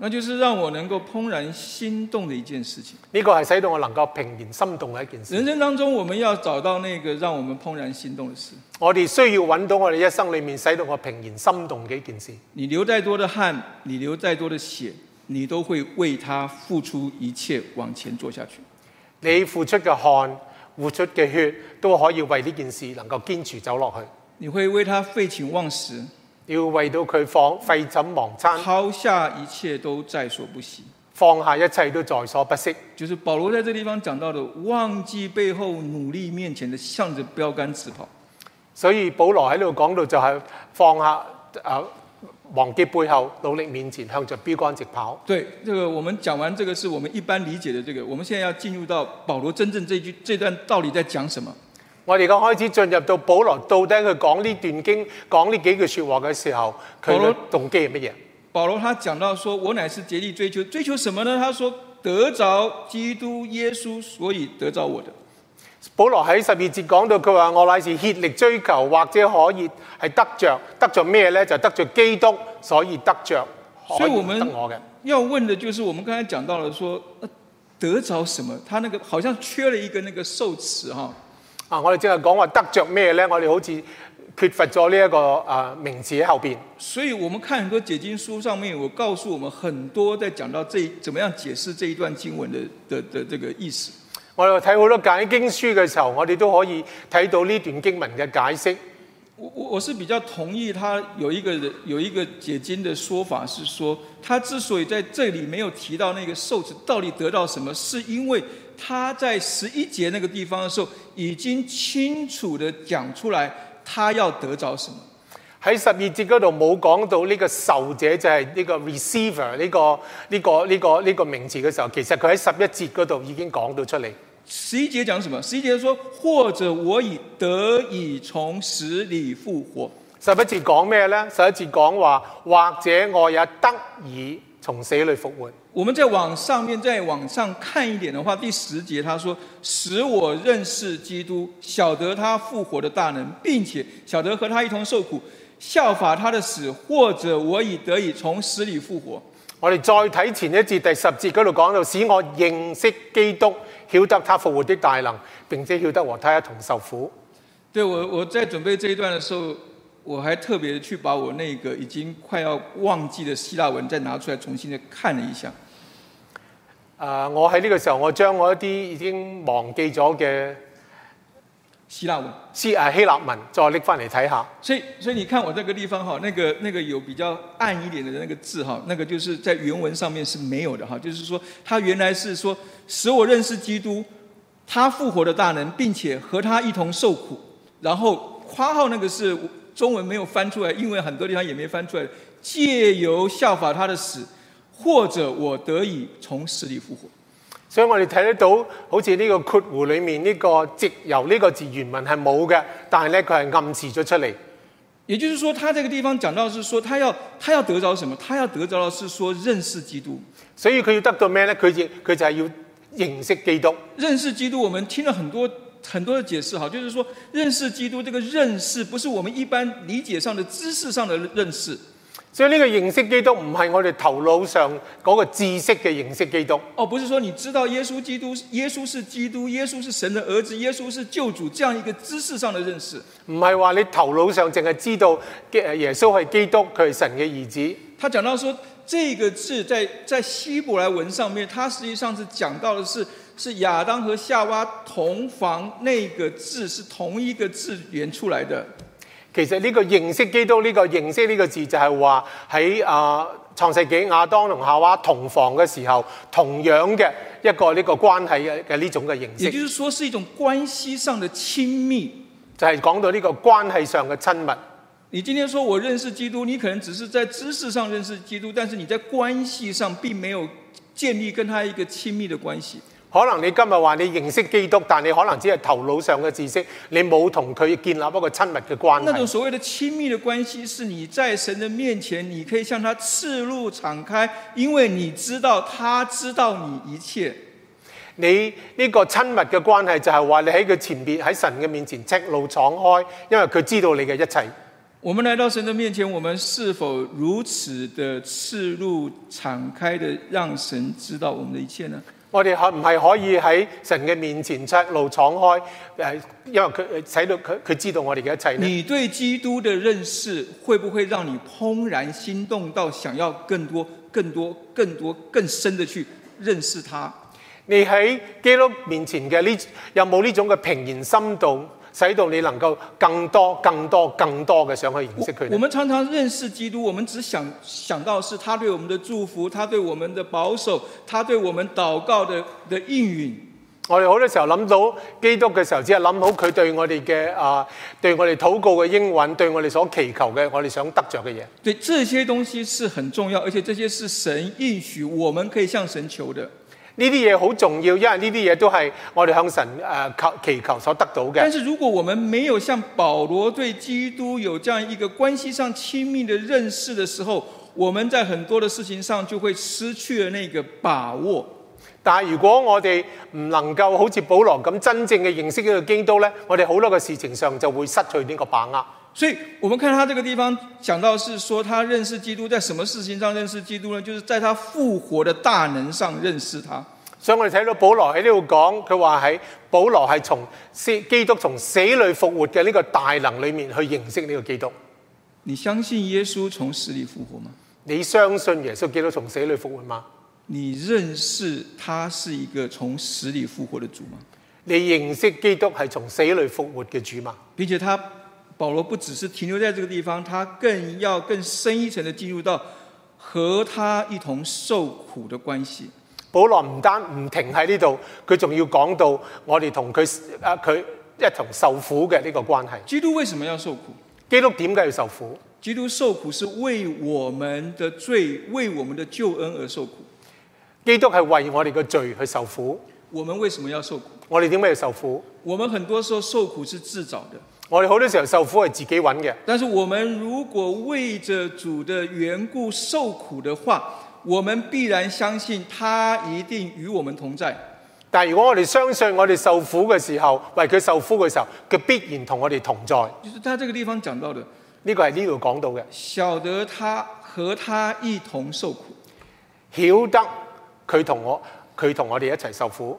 那就是讓我能夠怦然心動的一件事情。呢個係使到我能夠怦然心動嘅一件事。人生當中，我們要找到那個讓我們怦然心動的事。我哋需要揾到我哋一生裏面使到我怦然心動嘅一件事。你流再多的汗，你流再多的血，你都會為他付出一切，往前做下去。你付出嘅汗、付出嘅血，都可以為呢件事能夠堅持走落去。你會為他廢寢忘食。要為到佢放廢寢忘餐，拋下一切都在所不惜，放下一切都在所不惜。就是保羅在這地方講到的，忘記背後，努力面前的，向着標杆直跑。所以保羅喺度講到就係放下啊，忘記背後，努力面前，向着標杆直跑。對，這個我們講完，這個是我們一般理解的。這個，我們現在要進入到保羅真正這句這段到底在講什麼？我哋而家開始進入到保羅到底佢講呢段經講呢幾句說話嘅時候，佢嘅動機係乜嘢？保羅他講到說我乃是竭力追求，追求什麼呢？他說得着基督耶穌，所以得着我的。保羅喺十二節講到佢話我乃是竭力追求，或者可以係得着得着咩咧？就得着基督，所以得着可以得我嘅。所以我們要問嘅就是我們剛才講到了說得着什麼？他那個好像缺了一個那個受詞哈。啊！我哋只係講話得着咩咧？我哋好似缺乏咗呢一個啊、呃、名字喺後邊。所以，我們看很多解經書上面，我告訴我們很多在講到這，怎麼樣解釋這一段經文的的的，的這個意思。我哋睇好多解經書嘅時候，我哋都可以睇到呢段經文嘅解釋。我我我是比較同意，他有一個有一個解經嘅說法，是說他之所以在這裡沒有提到那個受子到底得到什麼，是因為。他在十一節那個地方的時候，已經清楚地講出來，他要得着什麼。喺十二節嗰度冇講到呢個受者就係、是、呢個 receiver 呢、呢個呢、呢個呢、呢個呢、呢個名詞嘅時候，其實佢喺十一節嗰度已經講到出嚟。十一節講什麼？十一節說或者我已得以從死裏復活。十一節講咩呢？十一節講話或者我也得以從死裏復活。我們在往上面再往上看一點的話，第十節他說：“使我認識基督，曉得他復活的大能，並且曉得和他一同受苦，效法他的死，或者我已得以從死裏復活。”我哋再睇前一節第十節嗰度講到：“使我認識基督，曉得他復活的大能，並且曉得和他一同受苦。”對，對我，我在準備這一段的時候，我還特別去把我那個已經快要忘記的希臘文再拿出來重新再看了一下。Uh，我喺呢個時候，我將我一啲已經忘記咗嘅希臘文，希誒希臘文再拎翻嚟睇下。所以，所以你看我這個地方哈，那個那個，有比較暗一點的那個字哈，那個就是在原文上面是沒有的哈，就是說，他原來是說使我認識基督，他復活的大能，並且和他一同受苦，然後括號那個是中文沒有翻出來，英文很多地方也沒翻出來，借由效法他的死。或者我得以從死裏復活，所以我哋睇得到，好似呢個括弧裏面呢個直由呢個字原文係冇嘅，但係咧佢係暗示咗出嚟。也就是說，他呢個地方講到是說，他要他要得着什麼？他要得着的是說認識基督。所以佢要得到咩咧？佢佢就係要認識基督。認識基督，我們聽了很多很多的解釋，哈，就是說認識基督，這個認識不是我們一般理解上的知識上的認識。所以呢個認識基督唔係我哋頭腦上嗰個知識嘅認識基督，基督。哦，不是說你知道耶穌基督，耶穌是基督，耶穌是神的兒子，耶穌是救主，這樣一個知識上的認識。唔係話你頭腦上淨係知道耶穌係基督，佢係神嘅兒子。他講到說，這個字在在希伯來文上面，他實際上是講到的是是亞當和夏娃同房那個字是同一個字源出來的。其實呢個認識基督呢個認識呢個字就係話喺啊創世紀亞當同夏娃同房嘅時候，同樣嘅一個呢個關係嘅呢種嘅認識。也就是說是一種關係上的親密，就係講到呢個關係上嘅親密。你今天說我認識基督，你可能只是在知識上認識基督，但是你在關係上並沒有建立跟他一個親密的關係。可能你今日話你認識基督，但你可能只係頭腦上嘅知識，你冇同佢建立一個親密嘅關係。那種所謂的親密嘅關係，是你在神嘅面前，你可以向他赤露敞開，因為你知道他知道你一切。你呢個親密嘅關係就係話你喺佢前邊喺神嘅面前赤露敞開，因為佢知道你嘅一切。我們來到神嘅面前，我們是否如此的赤露敞開的讓神知道我們的一切呢？我哋係唔係可以喺神嘅面前赤露敞開？誒，因為佢睇到佢佢知道我哋嘅一切呢。你對基督的認識，會不會讓你怦然心動到想要更多、更多、更多、更深嘅去認識他？你喺基督面前嘅呢，有冇呢種嘅怦然心動？使到你能夠更多、更多、更多嘅想去認識佢。我們常常認識基督，我們只想想到是他對我們的祝福，他對我們的保守，他對我們禱告的的應允。我哋好多時候諗到基督嘅時候，只係諗到佢對我哋嘅，啊，對我哋禱告嘅應允，對我哋所祈求嘅，我哋想得着嘅嘢。對，這些東西是很重要，而且這些是神應許我們可以向神求的。呢啲嘢好重要，因為呢啲嘢都係我哋向神誒求祈求所得到嘅。但是，如果我們沒有像保羅對基督有這樣一個關係上親密的認識的時候，我們在很多的事情上就會失去了那個把握。但係如果我哋唔能夠好似保羅咁真正嘅認識呢個基督咧，我哋好多嘅事情上就會失去呢個把握。所以我們看到他這個地方講到是說，他認識基督，在什麼事情上認識基督呢？就是在他復活的大能上認識他。所以我哋睇到保羅喺呢度講，佢話喺保羅係從基督從死裏復活嘅呢個大能裏面去認識呢個基督。你相信耶穌從死裏復活嗎？你相信耶穌基督從死裏復活嗎？你認識他是一個從死裏復活的主嗎？你認識基督係從死裏復活嘅主嗎？並且他。保羅不只是停留在這個地方，他更要更深一層的進入到和他一同受苦的關係。保羅唔單唔停喺呢度，佢仲要講到我哋同佢啊佢一同受苦嘅呢個關係。基督為什麼要受苦？基督點解要受苦？基督受苦是為我們的罪，為我們的救恩而受苦。基督係為我哋嘅罪去受苦。我們為什麼要受苦？我哋點解要受苦？我們很多時候受苦是自找的。我哋好多時候受苦是自己搵嘅。但是我們如果為着主的緣故受苦的話，我們必然相信他一定與我們同在。但係如果我哋相信我哋受苦嘅時候，為佢受苦嘅時候，佢必然同我哋同在。就是他這個地方講到的，呢個係呢度講到嘅。曉得他和他一同受苦，曉得佢同我，佢同我哋一齊受苦。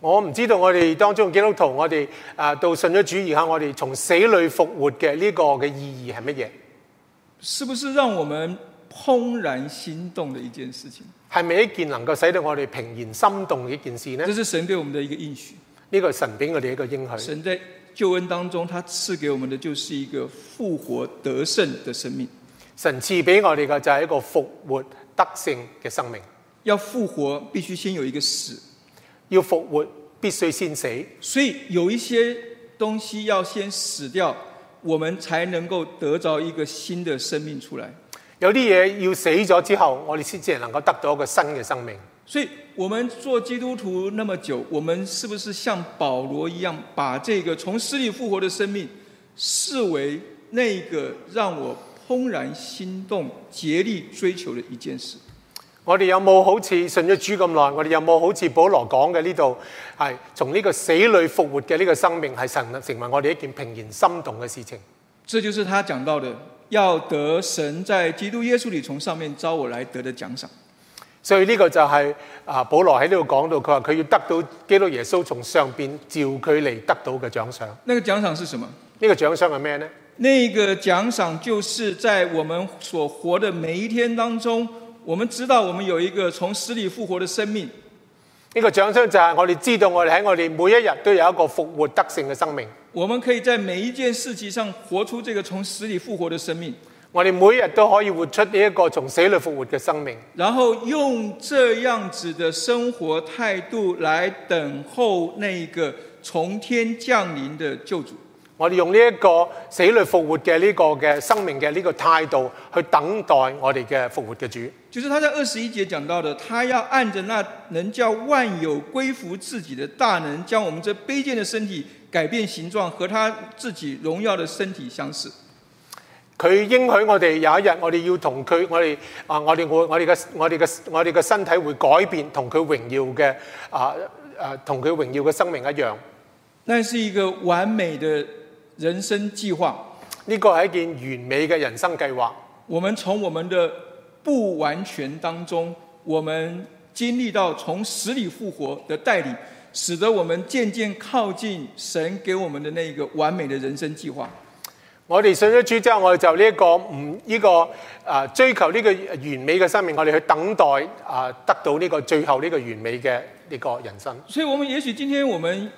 我唔知道我哋當中基督徒我，我哋啊到信咗主而下，我哋從死裏復活嘅呢個嘅意義係乜嘢？是不是讓我們怦然心動嘅一件事情？係咪一件能夠使到我哋怦然心動嘅一件事呢？這是神對我們的一個應許，呢個神俾我哋一個應許。神在救恩當中，他賜給我們的就是一個復活得勝的生命。神賜俾我哋嘅就係一個復活得勝嘅生命。要復活必須先有一個死。要復活必須先死，所以有一些東西要先死掉，我們才能夠得到一個新的生命出來。有啲嘢要死咗之後，我哋先至能夠得到一個新嘅生命。所以，我們做基督徒那麼久，我們是不是像保羅一樣，把這個從死裏復活的生命視為那個讓我怦然心動、竭力追求的一件事？我哋有冇好似信咗主咁耐？我哋有冇好似保羅講嘅呢度係從呢個死裏復活嘅呢個生命係成成為我哋一件平然心動嘅事情。這就是他講到的，要得神在基督耶穌裏從上面召我來得的獎賞。所以呢個就係、是、啊保羅喺呢度講到，佢話佢要得到基督耶穌從上邊召佢嚟得到嘅獎賞。那個獎賞是什麼？呢個獎賞係咩呢？那個獎賞就是在我們所活的每一天當中。我們知道我們有一個從死裏復活的生命，呢個掌聲就係我哋知道我哋喺我哋每一日都有一個復活得勝的生命。我們可以在每一件事情上活出這個從死裏復活的生命。我哋每日都可以活出呢一個從死裏復活嘅生命。然後用這樣子的生活態度來等候那個從天降臨的救主。我哋用呢一個死裏復活嘅呢個嘅生命嘅呢個態度去等待我哋嘅復活嘅主。就是他在二十一節講到的，他要按着那能叫萬有歸服自己的大能，將我們這卑賤的身體改變形狀，和他自己榮耀的身體相似。佢應許我哋有一日，我哋要同佢，我哋啊，我哋會，我哋嘅，我哋嘅，我哋嘅身體會改變，同佢榮耀嘅啊啊，同、啊、佢榮耀嘅生命一樣。那是一個完美的。人生計劃呢個係一件完美嘅人生計劃。我們從我們的不完全當中，我們經歷到從死裏復活的帶領，使得我們漸漸靠近神給我們的那個完美的人生計劃。我哋信咗主之後，我哋就呢一個唔呢個啊追求呢個完美嘅生命，我哋去等待啊得到呢個最後呢個完美嘅呢個人生。所以，我們也許今天我們。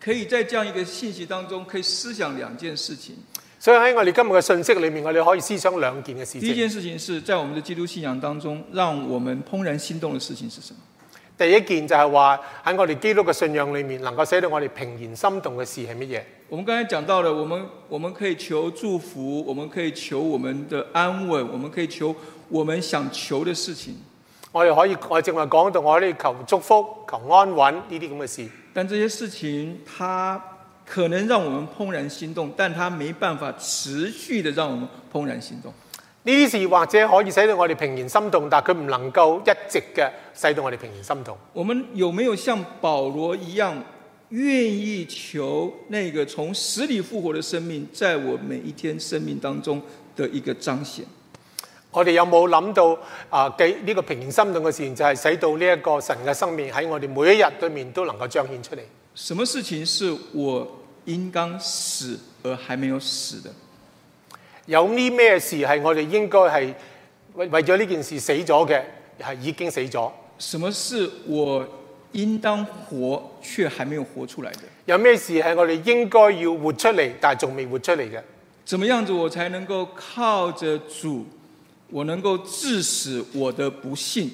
可以在這樣一個信息當中，可以思想兩件事情。所以喺我哋今日嘅信息裏面，我哋可以思想兩件嘅事情。第一件事情是在我們的基督信仰當中，讓我們怦然心動嘅事情係什麼？第一件就係話，喺我哋基督嘅信仰裏面，能夠寫到我哋怦然心動嘅事係乜嘢？我們剛才講到了，我們我們可以求祝福，我們可以求我們的安穩，我們可以求我們想求的事情。我哋可以，我正話講到我哋求祝福、求安穩呢啲咁嘅事。但這些事情，它可能讓我們怦然心動，但它沒辦法持續的讓我們怦然心動。呢啲事或者可以使到我哋怦然心動，但佢唔能夠一直嘅使到我哋怦然心動。我們有沒有像保羅一樣，願意求那個從死裏復活的生命，在我每一天生命當中的一個彰顯？我哋有冇諗到啊？記、這、呢個平心動嘅事就係使到呢一個神嘅生命喺我哋每一日對面都能夠彰顯出嚟。什麼事情是我應當死而還沒有死的？有呢咩事係我哋應該係為為咗呢件事死咗嘅，係已經死咗？什麼事我應當活卻還沒有活出來的？有咩事係我哋應該要活出嚟，但係仲未活出嚟嘅？怎麼樣子我才能夠靠着主？我能夠致死我的不幸，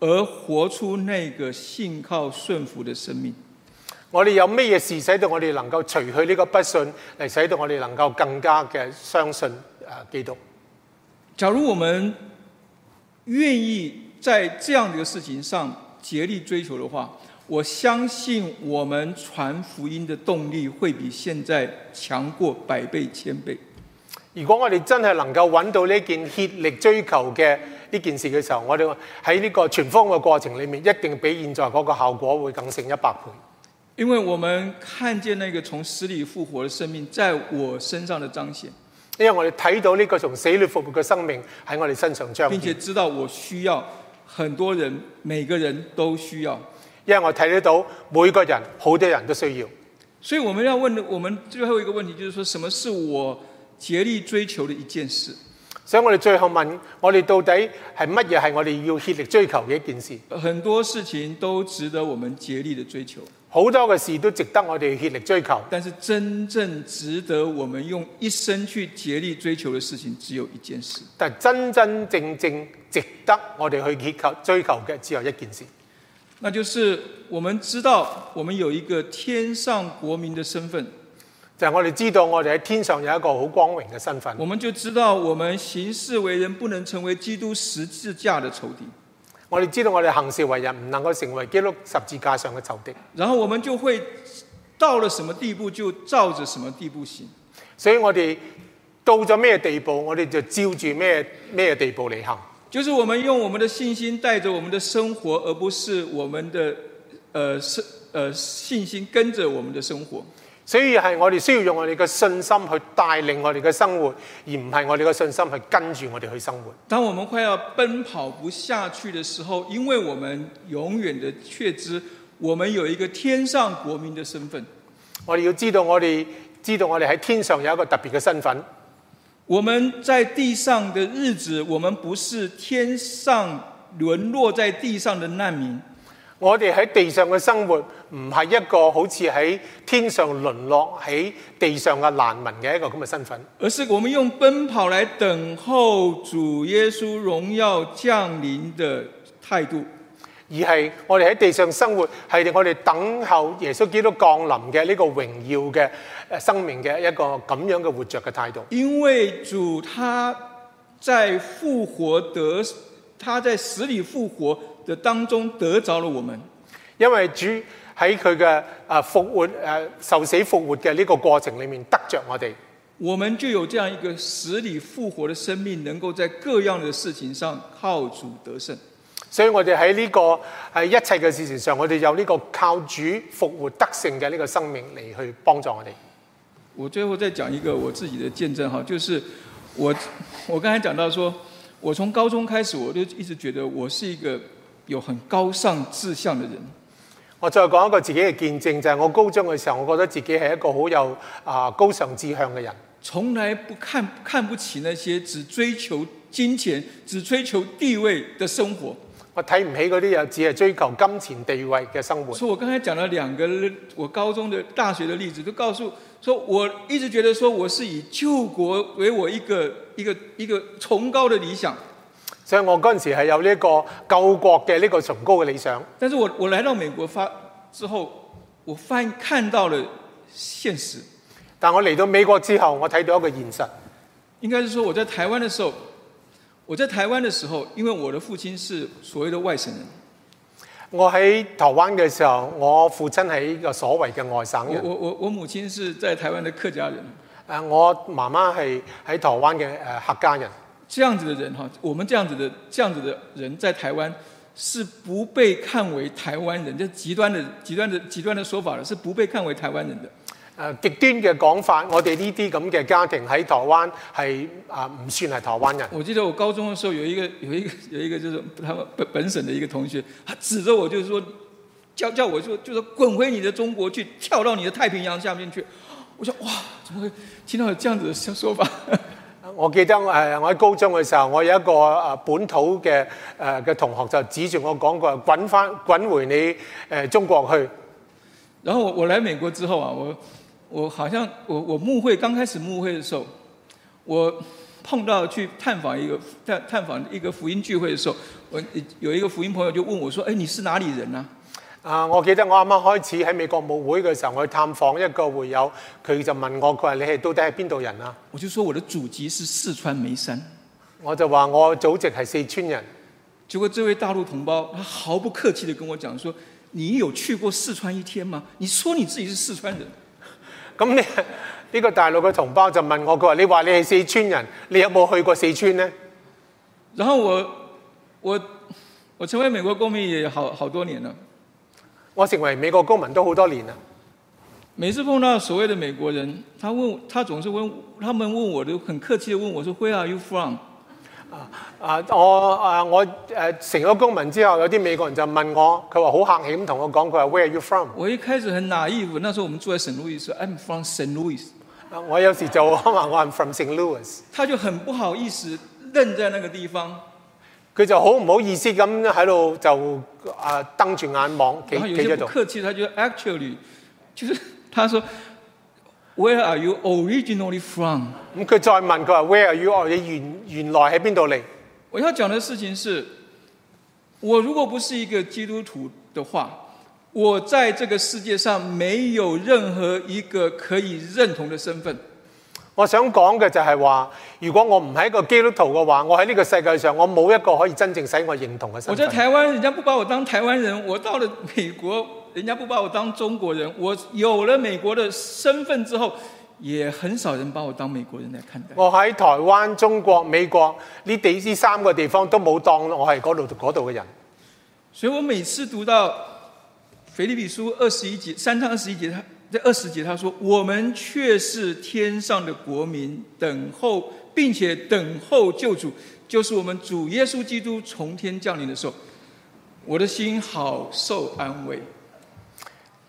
而活出那個信靠順服的生命。我哋有咩嘢事，使到我哋能夠除去呢個不信，嚟使到我哋能夠更加嘅相信啊基督。假如我們願意在這樣的一個事情上竭力追求的話，我相信我們傳福音的動力會比現在強過百倍、千倍。如果我哋真係能夠揾到呢件竭力追求嘅呢件事嘅時候，我哋喺呢個全方嘅過程裏面，一定比現在嗰個效果會更勝一百倍。因為我們看見那個從死裏復活嘅生命在我身上的彰顯，因為我哋睇到呢個從死裏復活嘅生命喺我哋身上彰顯，並且知道我需要很多人，每個人都需要，因為我睇得到每個人好多人都需要。所以，我們要問，我們最後一個問題，就是說什麼是我？竭力追求的一件事，所以我哋最後問：我哋到底係乜嘢？係我哋要竭力追求嘅一件事。很多事情都值得我們竭力的追求，好多嘅事都值得我哋竭力追求。但是真正值得我們用一生去竭力追求嘅事情只有一件事。但真真正正值得我哋去竭力追求嘅只有一件事，那就是我們知道我們有一個天上國民的身份。就我哋知道，我哋喺天上有一個好光榮嘅身份。我們就知道，我們行事為人不能成為基督十字架的仇敵。我哋知道，我哋行事為人唔能夠成為基督十字架上嘅仇敵。然後我們就會到了什麼地步，就照着什麼地步行。所以我哋到咗咩地步，我哋就照住咩咩地步嚟行。就是我們用我們的信心帶着我們的生活，而不是我們的，呃，是，呃，信心跟着我們的生活。所以係我哋需要用我哋嘅信心去帶領我哋嘅生活，而唔係我哋嘅信心去跟住我哋去生活。當我們快要奔跑不下去嘅時候，因為我們永遠的確知，我們有一個天上國民嘅身份。我哋要知道我哋，我哋知道我哋喺天上有一個特別嘅身份。我們在地上的日子，我們不是天上淪落在地上的難民。我哋喺地上嘅生活，唔係一個好似喺天上淪落喺地上嘅難民嘅一個咁嘅身份。而是我們用奔跑來等候主耶穌榮耀降臨嘅態度，而係我哋喺地上生活，係我哋等候耶穌基督降臨嘅呢個榮耀嘅誒，生命嘅一個咁樣嘅活着嘅態度。因為主他在復活得，他在死裏復活，的當中得着了我們，因為主喺佢嘅、啊復活、誒受死復活嘅呢個過程裏面得着我哋，我們就有這樣一個死裏復活嘅生命，能夠在各樣嘅事情上靠主得勝。所以我哋喺呢個喺一切嘅事情上，我哋有呢個靠主復活得勝嘅呢個生命嚟去幫助我哋。我最後再講一個我自己的見證哈，就是我我剛才講到說，我從高中開始我都一直覺得我是一個。有很高尚志向的人，我再講一個自己嘅見證，就係、是、我高中嘅時候，我覺得自己係一個好有啊、呃、高尚志向嘅人，從來不看看不起那些只追求金錢、只追求地位的生活。我睇唔起嗰啲啊只係追求金錢地位嘅生活。所以我剛才講咗兩個我高中的、大學的例子，都告訴說，我一直覺得說，我是以救國為我一個一個一個，一個崇高的理想。所以我嗰陣時係有呢個救國嘅呢個崇高嘅理想。但是我我嚟到美國發之後，我發現看到了現實，但我嚟到美國之後，我睇到一個現實，應該，是說我在台灣的時候，我在台灣的時候，因為我的父親是所謂的外省人。我喺台灣嘅時候，我父親係一個所謂嘅外省人。我我我我母親是在台灣的客家人。誒，我媽媽係喺台灣嘅誒客家人。這樣子的人哈，我們這樣子的這樣子的人在台灣是不被看為台灣人，這極端的極端的極端的說法是不被看為台灣人的。呃，極端的講法，我哋呢啲咁嘅家庭喺台灣係啊唔算係台灣人。我記得我高中的時候有一個有一個有一個就是他們本本省的一個同學，他指着我就是說叫叫我就是滾回你的中國去，跳到你的太平洋下面去。我說哇，怎麼會聽到有這樣子的說法？我記得我係我喺高中嘅時候，我有一個誒本土嘅誒嘅同學就指住我講過，滾翻滾回你誒、呃、中國去。然後我我來美國之後啊，我我好像我我慕會剛開始慕會嘅時候，我碰到去探訪一個探探訪一個福音聚會嘅時候，我有一個福音朋友就問我：說，誒、哎，你是哪裏人啊？啊！我記得我啱啱開始喺美國母會嘅時候，我去探訪一個會友，佢就問我：佢話你係到底係邊度人啊？我就說我的祖籍是四川眉山，我就話我祖籍係四川人。結果，這位大陸同胞，他毫不客氣的跟我講，說你有去過四川一天嗎？你說你自己是四川人？咁呢？呢個大陸嘅同胞就問我：佢話你話你係四川人，你有冇去過四川呢？然後我我我成為美國公民也好好多年了。我成為美國公民都好多年啦。每次碰到所謂的美國人，他問，他總是問，他們問我都很客氣的問我說：Where are you from？啊啊，uh, uh, uh, 我啊我誒成咗公民之後，有啲美國人就問我，佢話好客氣咁同我講，佢話 Where are you from？我一開始很 naive，那時候我們住在聖路易斯，I'm from Saint Louis uh, 我有時就我話我係 from Saint Louis 他就很不好意思愣在那個地方。佢就好唔好意思咁喺度就啊瞪住眼望企企喺度。然後有些不客氣，著他就 actually，就是，他說，Where are you originally from？咁佢再問，佢話 Where are you 原原來喺邊度嚟？我要講嘅事情是，我如果不是一個基督徒的話，我在這個世界上沒有任何一個可以認同嘅身份。我想講嘅就係話，如果我唔係一個基督徒嘅話，我喺呢個世界上，我冇一個可以真正使我認同嘅身份。我在台灣，人家不把我當台灣人；我到了美國，人家不把我當中國人。我有了美國的身份之後，也很少人把我當美國人來看待。我喺台灣、中國、美國呢啲三個地方，都冇當我係嗰度嗰度嘅人。所以我每次讀到腓立比書二十一節三章二十一節。在二十節，他說：“我們卻是天上的國民，等候，並且等候救主，就是我們主耶穌基督從天降臨的時候，我的心好受安慰。”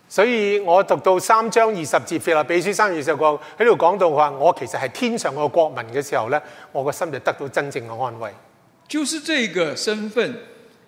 所以我讀到三章二十節，腓立比書三二十節，喺度講到話，我其實係天上嘅國民嘅時候咧，我個心就得到真正嘅安慰。就是這個身份。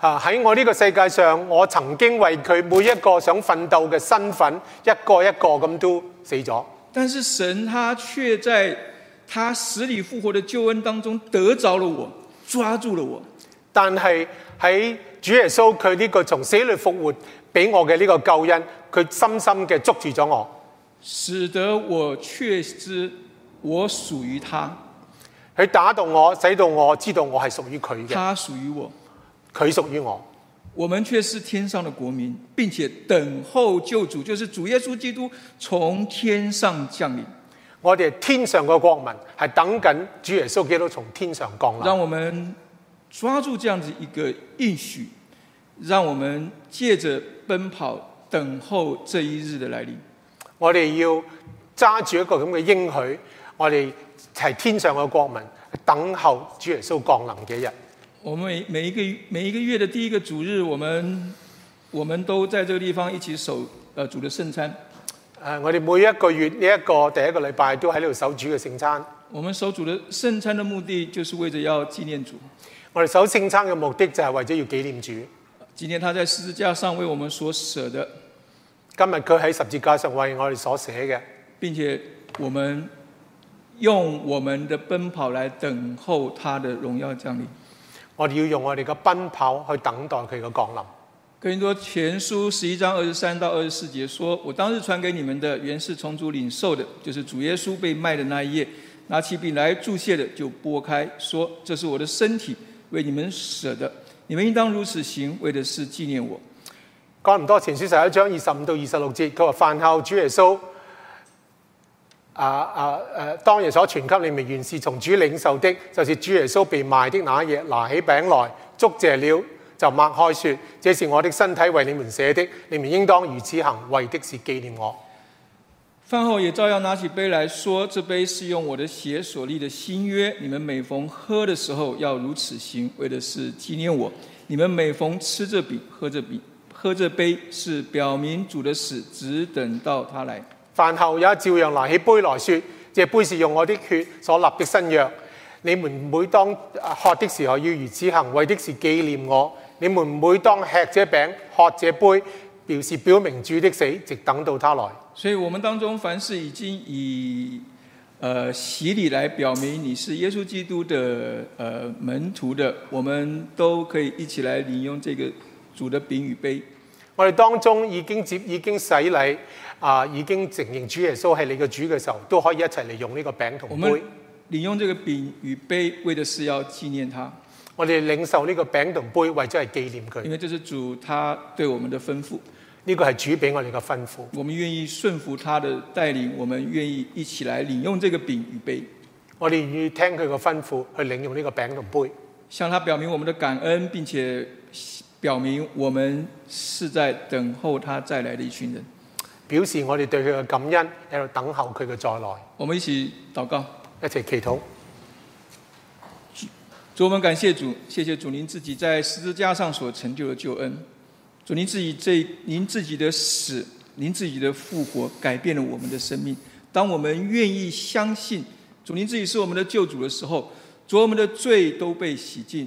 啊！喺我呢個世界上，我曾經為佢每一個想奮鬥嘅身份，一個一個咁都死咗。但是神，他卻在他死裏復活的救恩當中得着了我，抓住了我。但係喺主耶穌佢呢個從死裏復活俾我嘅呢個救恩，佢深深嘅捉住咗我，使得我確知我屬於他。佢打動我，使到我知道我係屬於佢嘅。他屬於我。佢屬於我，我們卻是天上的國民，並且等候救主，就是主耶穌基督從天上降臨。我哋天上嘅國民，係等緊主耶穌基督從天上降臨。讓我們抓住這樣子一個應許，讓我們借着奔跑等候這一日的來臨。我哋要揸住一個咁嘅應許，我哋係天上嘅國民，等候主耶穌降臨嘅日。我們每每一個月每一個月的第一個主日，我們我們都在這個地方一起守呃主的聖餐。啊，我哋每一個月呢一、這個第一個禮拜都喺呢度守主嘅聖餐。我們守主的聖餐的目的，就是為了要紀念主。我哋守聖餐嘅目的就係為咗要紀念主。今天他在十字架上為我們所捨的。今日佢喺十字架上為我哋所捨嘅，並且我們用我們的奔跑來等候他的榮耀降臨。我哋要用我哋嘅奔跑去等待佢嘅降臨。哥林多前書十一章二十三到二十四節說，說我當日傳給你們的原是從主領受的，就是主耶穌被賣的那夜，拿起餅來祝謝的就擘開，就擘開說：這是我的身體，為你們捨的，你們應當如此行，為的是紀念我。哥林多前書十一章二十五到二十六節，佢話飯後主耶穌。啊啊誒、啊！當日所傳給你們原是從主領受的，就是主耶穌被賣的那一夜，拿起餅來，祝謝了，就擘開説：這是我的身體，為你們捨的，你們應當如此行，為的是紀念我。飯後也照樣拿起杯來說：這杯是用我的血所立的新約，你們每逢喝的時候要如此行，為的是紀念我。你們每逢吃這餅、喝這餅、喝這杯，是表明主的死，只等到他來。飯後也照樣拿起杯來説，這杯是用我啲血所立的新約。你們每當喝的時候，要如此行，為的是紀念我。你們每當吃這餅、喝這杯，表示表明主的死，直等到他來。所以，我們當中凡是已經以，呃，洗禮來表明你是耶穌基督的，呃，門徒的，我們都可以一起來領用這個主的餅與杯。我哋當中已經接已經洗禮啊，已經承認主耶穌係你嘅主嘅時候，都可以一齊嚟用呢個餅同杯。領用呢個餅與杯，為的是要紀念他。我哋領受呢個餅同杯，為咗係紀念佢。因為這是主他對我們嘅吩咐，呢個係主俾我哋嘅吩咐。我們願意順服他的帶領，我們願意一起來領用這個餅與杯。我哋願意聽佢嘅吩咐去領用呢個餅同杯，向他表明我們的感恩，並且。表明我們是在等候他再來的一群人，表示我哋對佢嘅感恩喺度等候佢嘅再來。我們一起禱告，一起祈禱。主，主我們感謝主，謝謝主，您自己在十字架上所成就的救恩。主，您自己這，您自己的死，您自己的復活，改變了我們的生命。當我們願意相信主，您自己是我們的救主的時候，主，我們的罪都被洗淨。